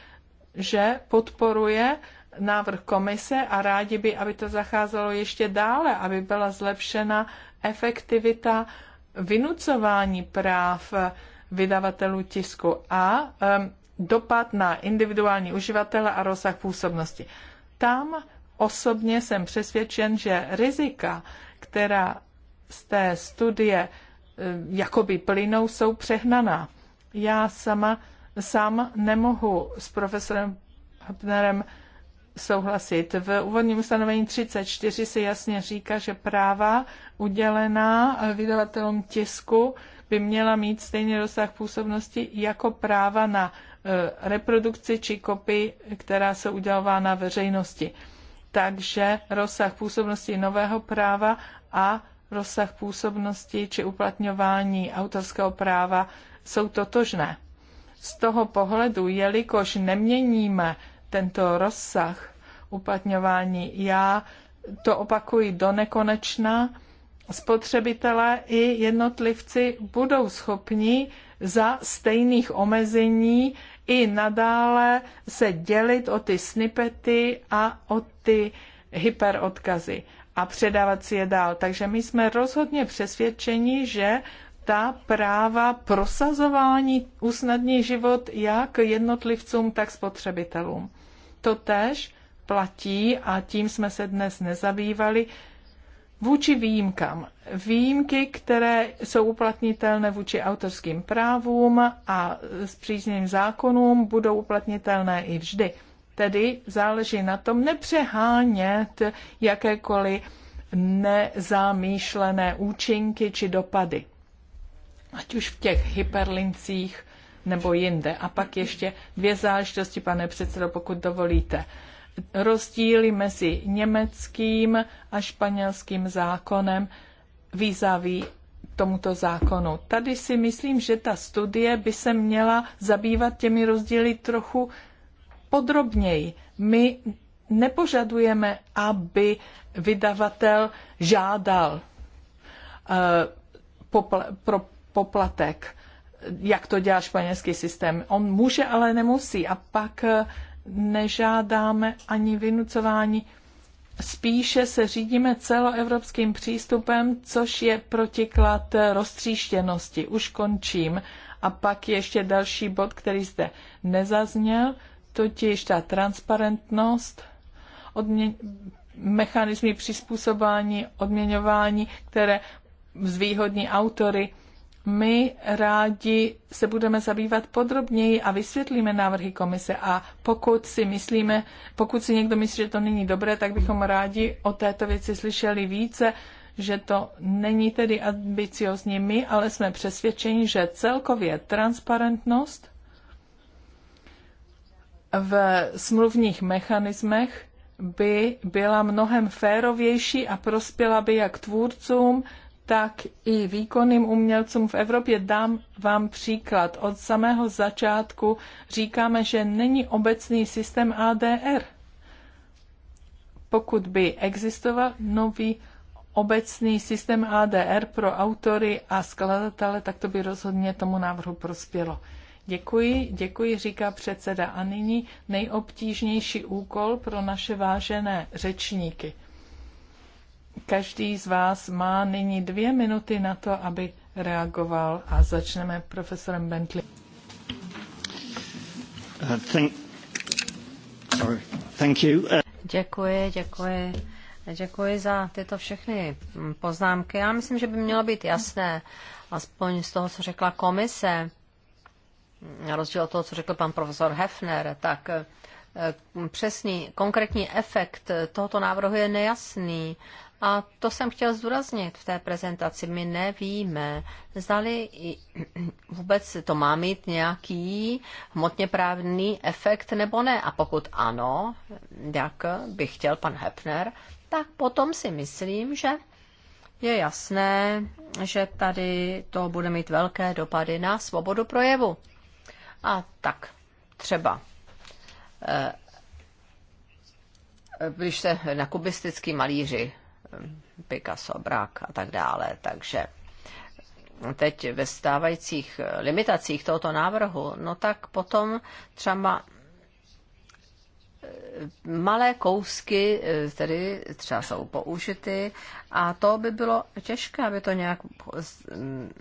že podporuje návrh komise a rádi by, aby to zacházelo ještě dále, aby byla zlepšena efektivita vynucování práv vydavatelů tisku a um, dopad na individuální uživatele a rozsah působnosti. Tam osobně jsem přesvědčen, že rizika, která z té studie jakoby plynou, jsou přehnaná. Já sama sám nemohu s profesorem Hapnerem souhlasit. V úvodním ustanovení 34 se jasně říká, že práva udělená vydavatelům tisku by měla mít stejný rozsah působnosti jako práva na e, reprodukci či kopii, která se na veřejnosti. Takže rozsah působnosti nového práva a rozsah působnosti či uplatňování autorského práva jsou totožné z toho pohledu, jelikož neměníme tento rozsah uplatňování, já to opakuji do nekonečna, spotřebitelé i jednotlivci budou schopni za stejných omezení i nadále se dělit o ty snippety a o ty hyperodkazy a předávat si je dál. Takže my jsme rozhodně přesvědčeni, že ta práva prosazování usnadní život jak jednotlivcům, tak spotřebitelům. To tež platí, a tím jsme se dnes nezabývali, vůči výjimkám. Výjimky, které jsou uplatnitelné vůči autorským právům a zpřízněným zákonům, budou uplatnitelné i vždy. Tedy záleží na tom nepřehánět jakékoliv nezamýšlené účinky či dopady ať už v těch hyperlincích nebo jinde. A pak ještě dvě záležitosti, pane předsedo, pokud dovolíte. Rozdíly mezi německým a španělským zákonem výzaví tomuto zákonu. Tady si myslím, že ta studie by se měla zabývat těmi rozdíly trochu podrobněji. My nepožadujeme, aby vydavatel žádal uh, pro poplatek, jak to dělá španělský systém. On může, ale nemusí. A pak eh, nežádáme ani vynucování. Spíše se řídíme celoevropským přístupem, což je protiklad eh, roztříštěnosti. Už končím. A pak ještě další bod, který zde nezazněl, totiž ta transparentnost, odměň, mechanizmy přizpůsobování, odměňování, které zvýhodní autory my rádi se budeme zabývat podrobněji a vysvětlíme návrhy komise a pokud si myslíme, pokud si někdo myslí, že to není dobré, tak bychom rádi o této věci slyšeli více, že to není tedy ambiciozní my, ale jsme přesvědčeni, že celkově transparentnost v smluvních mechanismech by byla mnohem férovější a prospěla by jak tvůrcům, tak i výkonným umělcům v Evropě. Dám vám příklad. Od samého začátku říkáme, že není obecný systém ADR. Pokud by existoval nový obecný systém ADR pro autory a skladatele, tak to by rozhodně tomu návrhu prospělo. Děkuji, děkuji, říká předseda. A nyní nejobtížnější úkol pro naše vážené řečníky. Každý z vás má nyní dvě minuty na to, aby reagoval a začneme profesorem Bentley. Uh, thank, sorry, thank you. Uh, děkuji, děkuji. Děkuji za tyto všechny mm, poznámky. Já myslím, že by mělo být jasné, aspoň z toho, co řekla komise, mm, na rozdíl od toho, co řekl pan profesor Hefner, tak eh, mm, přesný, konkrétní efekt tohoto návrhu je nejasný a to jsem chtěl zdůraznit v té prezentaci. My nevíme, zdali vůbec to má mít nějaký hmotně právný efekt nebo ne. A pokud ano, jak by chtěl pan Hepner, tak potom si myslím, že je jasné, že tady to bude mít velké dopady na svobodu projevu. A tak třeba eh, když se na kubistický malíři Picasso, Brak a tak dále. Takže teď ve stávajících limitacích tohoto návrhu, no tak potom třeba malé kousky eh, tedy třeba jsou použity a to by bylo těžké, aby to nějak mm,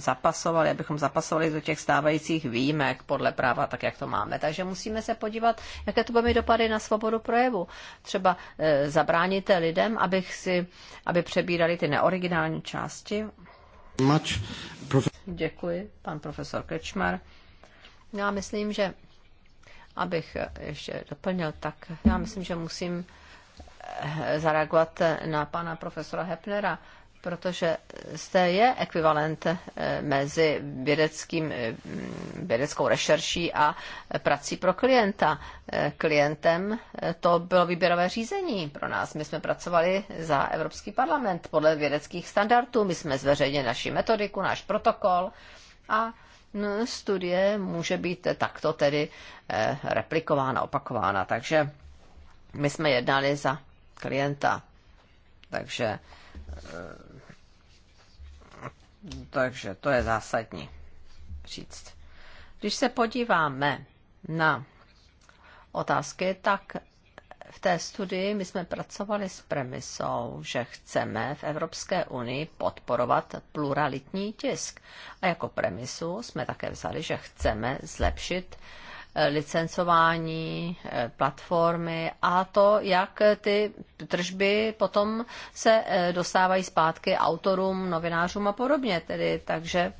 zapasovali, abychom zapasovali do těch stávajících výjimek podle práva, tak jak to máme. Takže musíme se podívat, jaké to bude mít dopady na svobodu projevu. Třeba eh, zabráníte lidem, abych si, aby přebírali ty neoriginální části. Děkuji, pan profesor Krečmar. Já myslím, že Abych ještě doplnil, tak já myslím, že musím eh, zareagovat na pana profesora Hepnera, protože zde je ekvivalent eh, mezi vědeckým, eh, vědeckou rešerší a prací pro klienta. Klientem to bylo výběrové řízení pro nás. My jsme pracovali za Evropský parlament podle vědeckých standardů, my jsme zveřejnili naši metodiku, náš protokol a studie může být takto tedy eh, replikována, opakována. Takže my jsme jednali za klienta. Takže, eh, takže to je zásadní říct. Když se podíváme na otázky, tak v té studii my jsme pracovali s premisou, že chceme v Evropské unii podporovat pluralitní tisk. A jako premisu jsme také vzali, že chceme zlepšit eh, licencování eh, platformy a to, jak ty tržby potom se eh, dostávají zpátky autorům, novinářům a podobně. Tedy, takže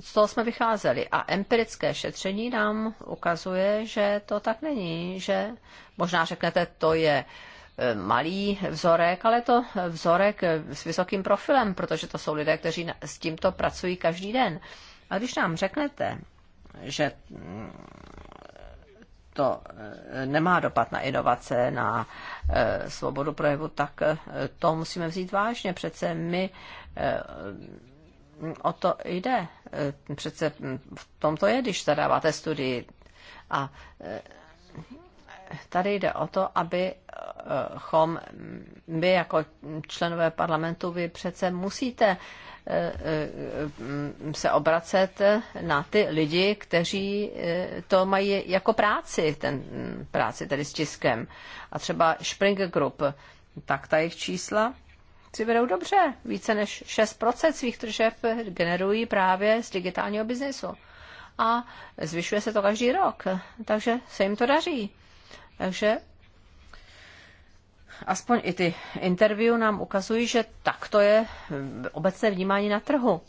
z toho jsme vycházeli. A empirické šetření nám ukazuje, že to tak není, že možná řeknete, to je e, malý vzorek, ale to vzorek e, s vysokým profilem, protože to jsou lidé, kteří s tímto pracují každý den. A když nám řeknete, že mm, to e, nemá dopad na inovace, na svobodu projevu, tak to musíme vzít vážně. Přece my o to jde. E, přece v tom to je, když zadáváte studii. A e, tady jde o to, aby e, chom vy jako členové parlamentu, vy přece musíte se obracet na ty lidi, kteří to mají jako práci, ten práci tedy s tiskem. A třeba Springer Group, tak ta jejich čísla si vedou dobře. Více než 6% svých tržeb generují právě z digitálního biznesu. A zvyšuje se to každý rok, takže se jim to daří. Takže aspoň i ty interview nám ukazují, že tak to je obecné vnímání na trhu.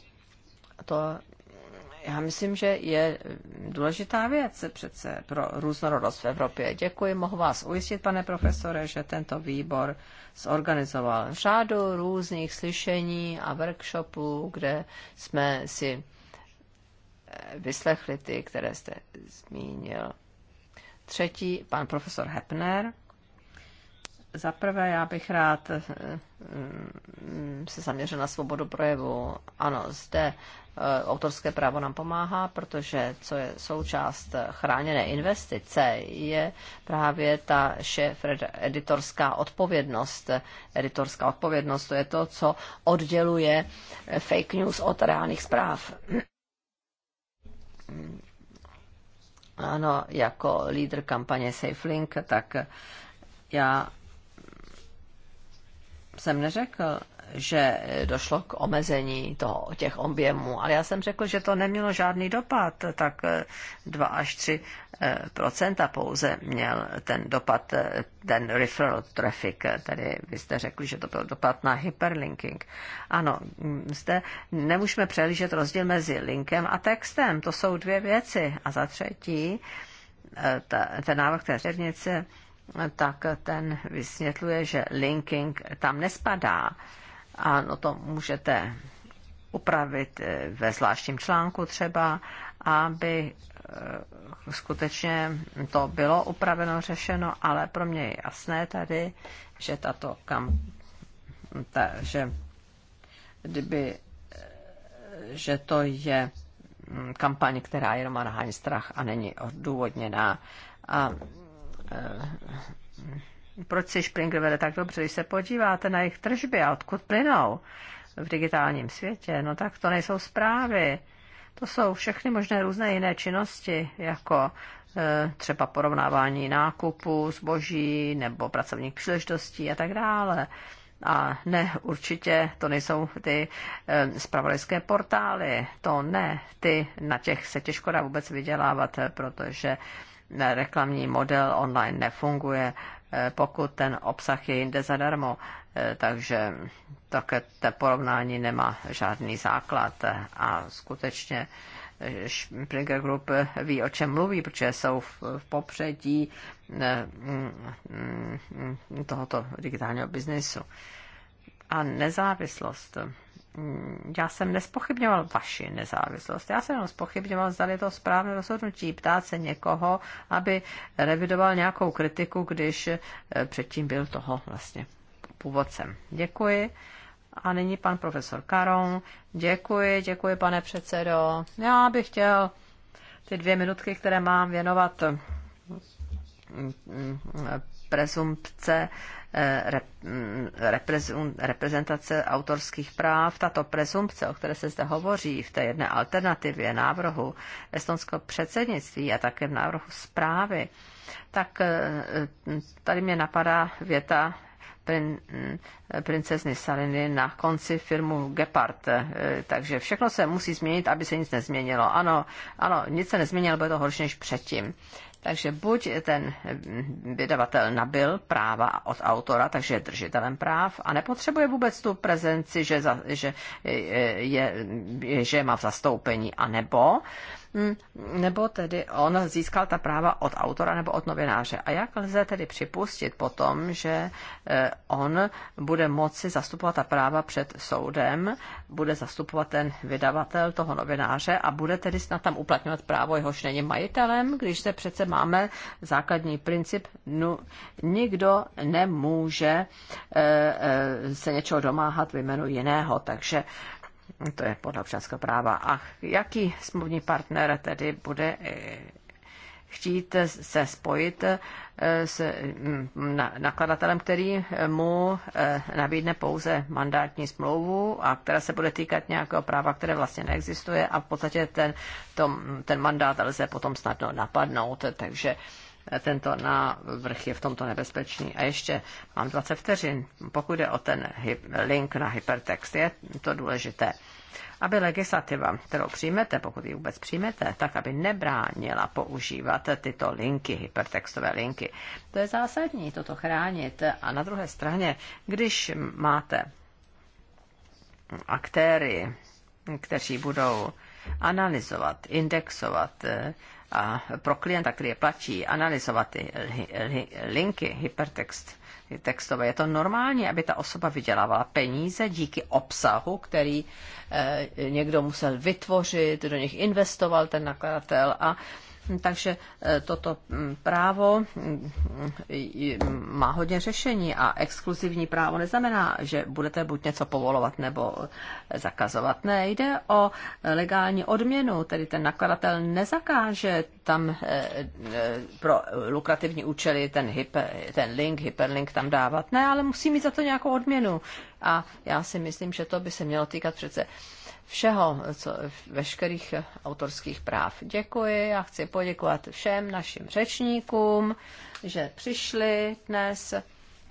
To já myslím, že je mm, důležitá věc přece pro různorodost v Evropě. Děkuji, mohu vás ujistit, pane profesore, že tento výbor zorganizoval řádu různých slyšení a workshopů, kde jsme si eh, vyslechli ty, které jste zmínil. Třetí, pan profesor Hepner. Za prvé, já bych rád eh, mm, se zaměřil na svobodu projevu. Ano, zde eh, autorské právo nám pomáhá, protože co je součást chráněné investice, je právě ta šéf editorská odpovědnost. Editorská odpovědnost to je to, co odděluje eh, fake news od reálných zpráv. Ano, jako lídr kampaně SafeLink, tak já jsem neřekl, že došlo k omezení toho, těch objemů, ale já jsem řekl, že to nemělo žádný dopad, tak 2 až 3 eh, procenta pouze měl ten dopad, eh, ten referral traffic, tedy vy jste řekli, že to byl dopad na hyperlinking. Ano, mm, zde nemůžeme přelížet rozdíl mezi linkem a textem, to jsou dvě věci. A za třetí, eh, ta, ten návrh té řevnice tak ten vysvětluje, že linking tam nespadá. A no to můžete upravit eh, ve zvláštním článku třeba, aby eh, skutečně to bylo upraveno, řešeno, ale pro mě je jasné tady, že tato kam, ta, že kdyby, eh, že to je mm, kampaň, která jenom má nahání strach a není odůvodněná. A Eh, proč si Springer vede tak dobře, když se podíváte na jejich tržby a odkud plynou v digitálním světě, no tak to nejsou zprávy. To jsou všechny možné různé jiné činnosti, jako eh, třeba porovnávání nákupu zboží nebo pracovních příležitostí a tak dále. A ne, určitě to nejsou ty e, eh, spravodajské portály, to ne, ty na těch se těžko dá vůbec vydělávat, protože e, reklamní model online nefunguje, eh, pokud ten obsah je jinde zadarmo. Eh, takže také to porovnání nemá žádný základ a skutečně eh, Springer Group ví, o čem mluví, protože jsou v, popředí mm, mm, mm, tohoto digitálního biznesu. A nezávislost Mm, já jsem nespochybňoval vaši nezávislost. Já jsem jenom spochybňoval, zda je to správné rozhodnutí ptát se někoho, aby revidoval nějakou kritiku, když eh, předtím byl toho vlastně původcem. Děkuji. A nyní pan profesor Karon. Děkuji, děkuji, pane předsedo. Já bych chtěl ty dvě minutky, které mám věnovat mm, mm, prezumpce eh, mm, reprezentace autorských práv. Tato prezumpce, o které se zde hovoří v té jedné alternativě návrhu estonského předsednictví a také v návrhu zprávy, tak eh, eh, tady mě napadá věta prin, princezny Saliny na konci filmu Gepard. Takže všechno se musí změnit, aby se nic nezměnilo. Ano, ano, nic se nezměnilo, bude to horší než předtím. Takže buď ten vydavatel nabil práva od autora, takže je držitelem práv a nepotřebuje vůbec tu prezenci, že, za, že, je, je, že má v zastoupení, anebo nebo Mm, nebo tedy on získal ta práva od autora nebo od novináře. A jak lze tedy připustit potom, že eh, on bude moci zastupovat ta práva před soudem, bude zastupovat ten vydavatel toho novináře a bude tedy snad tam uplatňovat právo, jehož není majitelem, když se přece máme základní princip, no, nikdo nemůže eh, eh, se něčeho domáhat v jménu jiného, takže to je podle občanského práva. A jaký smluvní partner tedy bude eh, chtít se spojit eh, s mm, nakladatelem, který mu eh, nabídne pouze mandátní smlouvu a která se bude týkat nějakého práva, které vlastně neexistuje a v podstatě ten, tom, ten mandát lze potom snadno napadnout. Takže tento návrh je v tomto nebezpečný. A ještě mám 20 vteřin. Pokud je o ten link na hypertext, je to důležité aby legislativa, kterou přijmete, pokud ji vůbec přijmete, tak aby nebránila používat tyto linky, hypertextové linky. To je zásadní toto chránit. A na druhé straně, když máte aktéry, kteří budou analyzovat, indexovat a pro klienta, který je platí, analyzovat ty linky, hypertext, textové. Je to normální, aby ta osoba vydělávala peníze díky obsahu, který eh, někdo musel vytvořit, do nich investoval ten nakladatel a takže eh, toto mm, právo mm, mm, má hodně řešení a exkluzivní právo neznamená, že budete buď něco povolovat nebo eh, zakazovat. Ne, jde o eh, legální odměnu, tedy ten nakladatel nezakáže tam pro lukrativní účely ten, hyper, ten link, hyperlink tam dávat. Ne, ale musí mít za to nějakou odměnu. A já si myslím, že to by se mělo týkat přece všeho, co, veškerých autorských práv. Děkuji a chci poděkovat všem našim řečníkům, že přišli dnes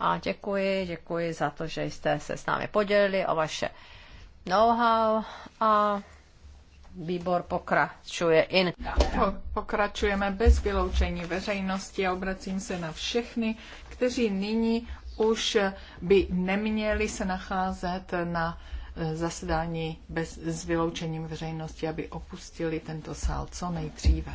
a děkuji, děkuji za to, že jste se s námi podělili o vaše know-how a výbor pokračuje in. Pokračujeme bez vyloučení veřejnosti a obracím se na všechny, kteří nyní už by neměli se nacházet na Eh, zasedání bez, s vyloučením veřejnosti, aby opustili tento sál co nejdříve.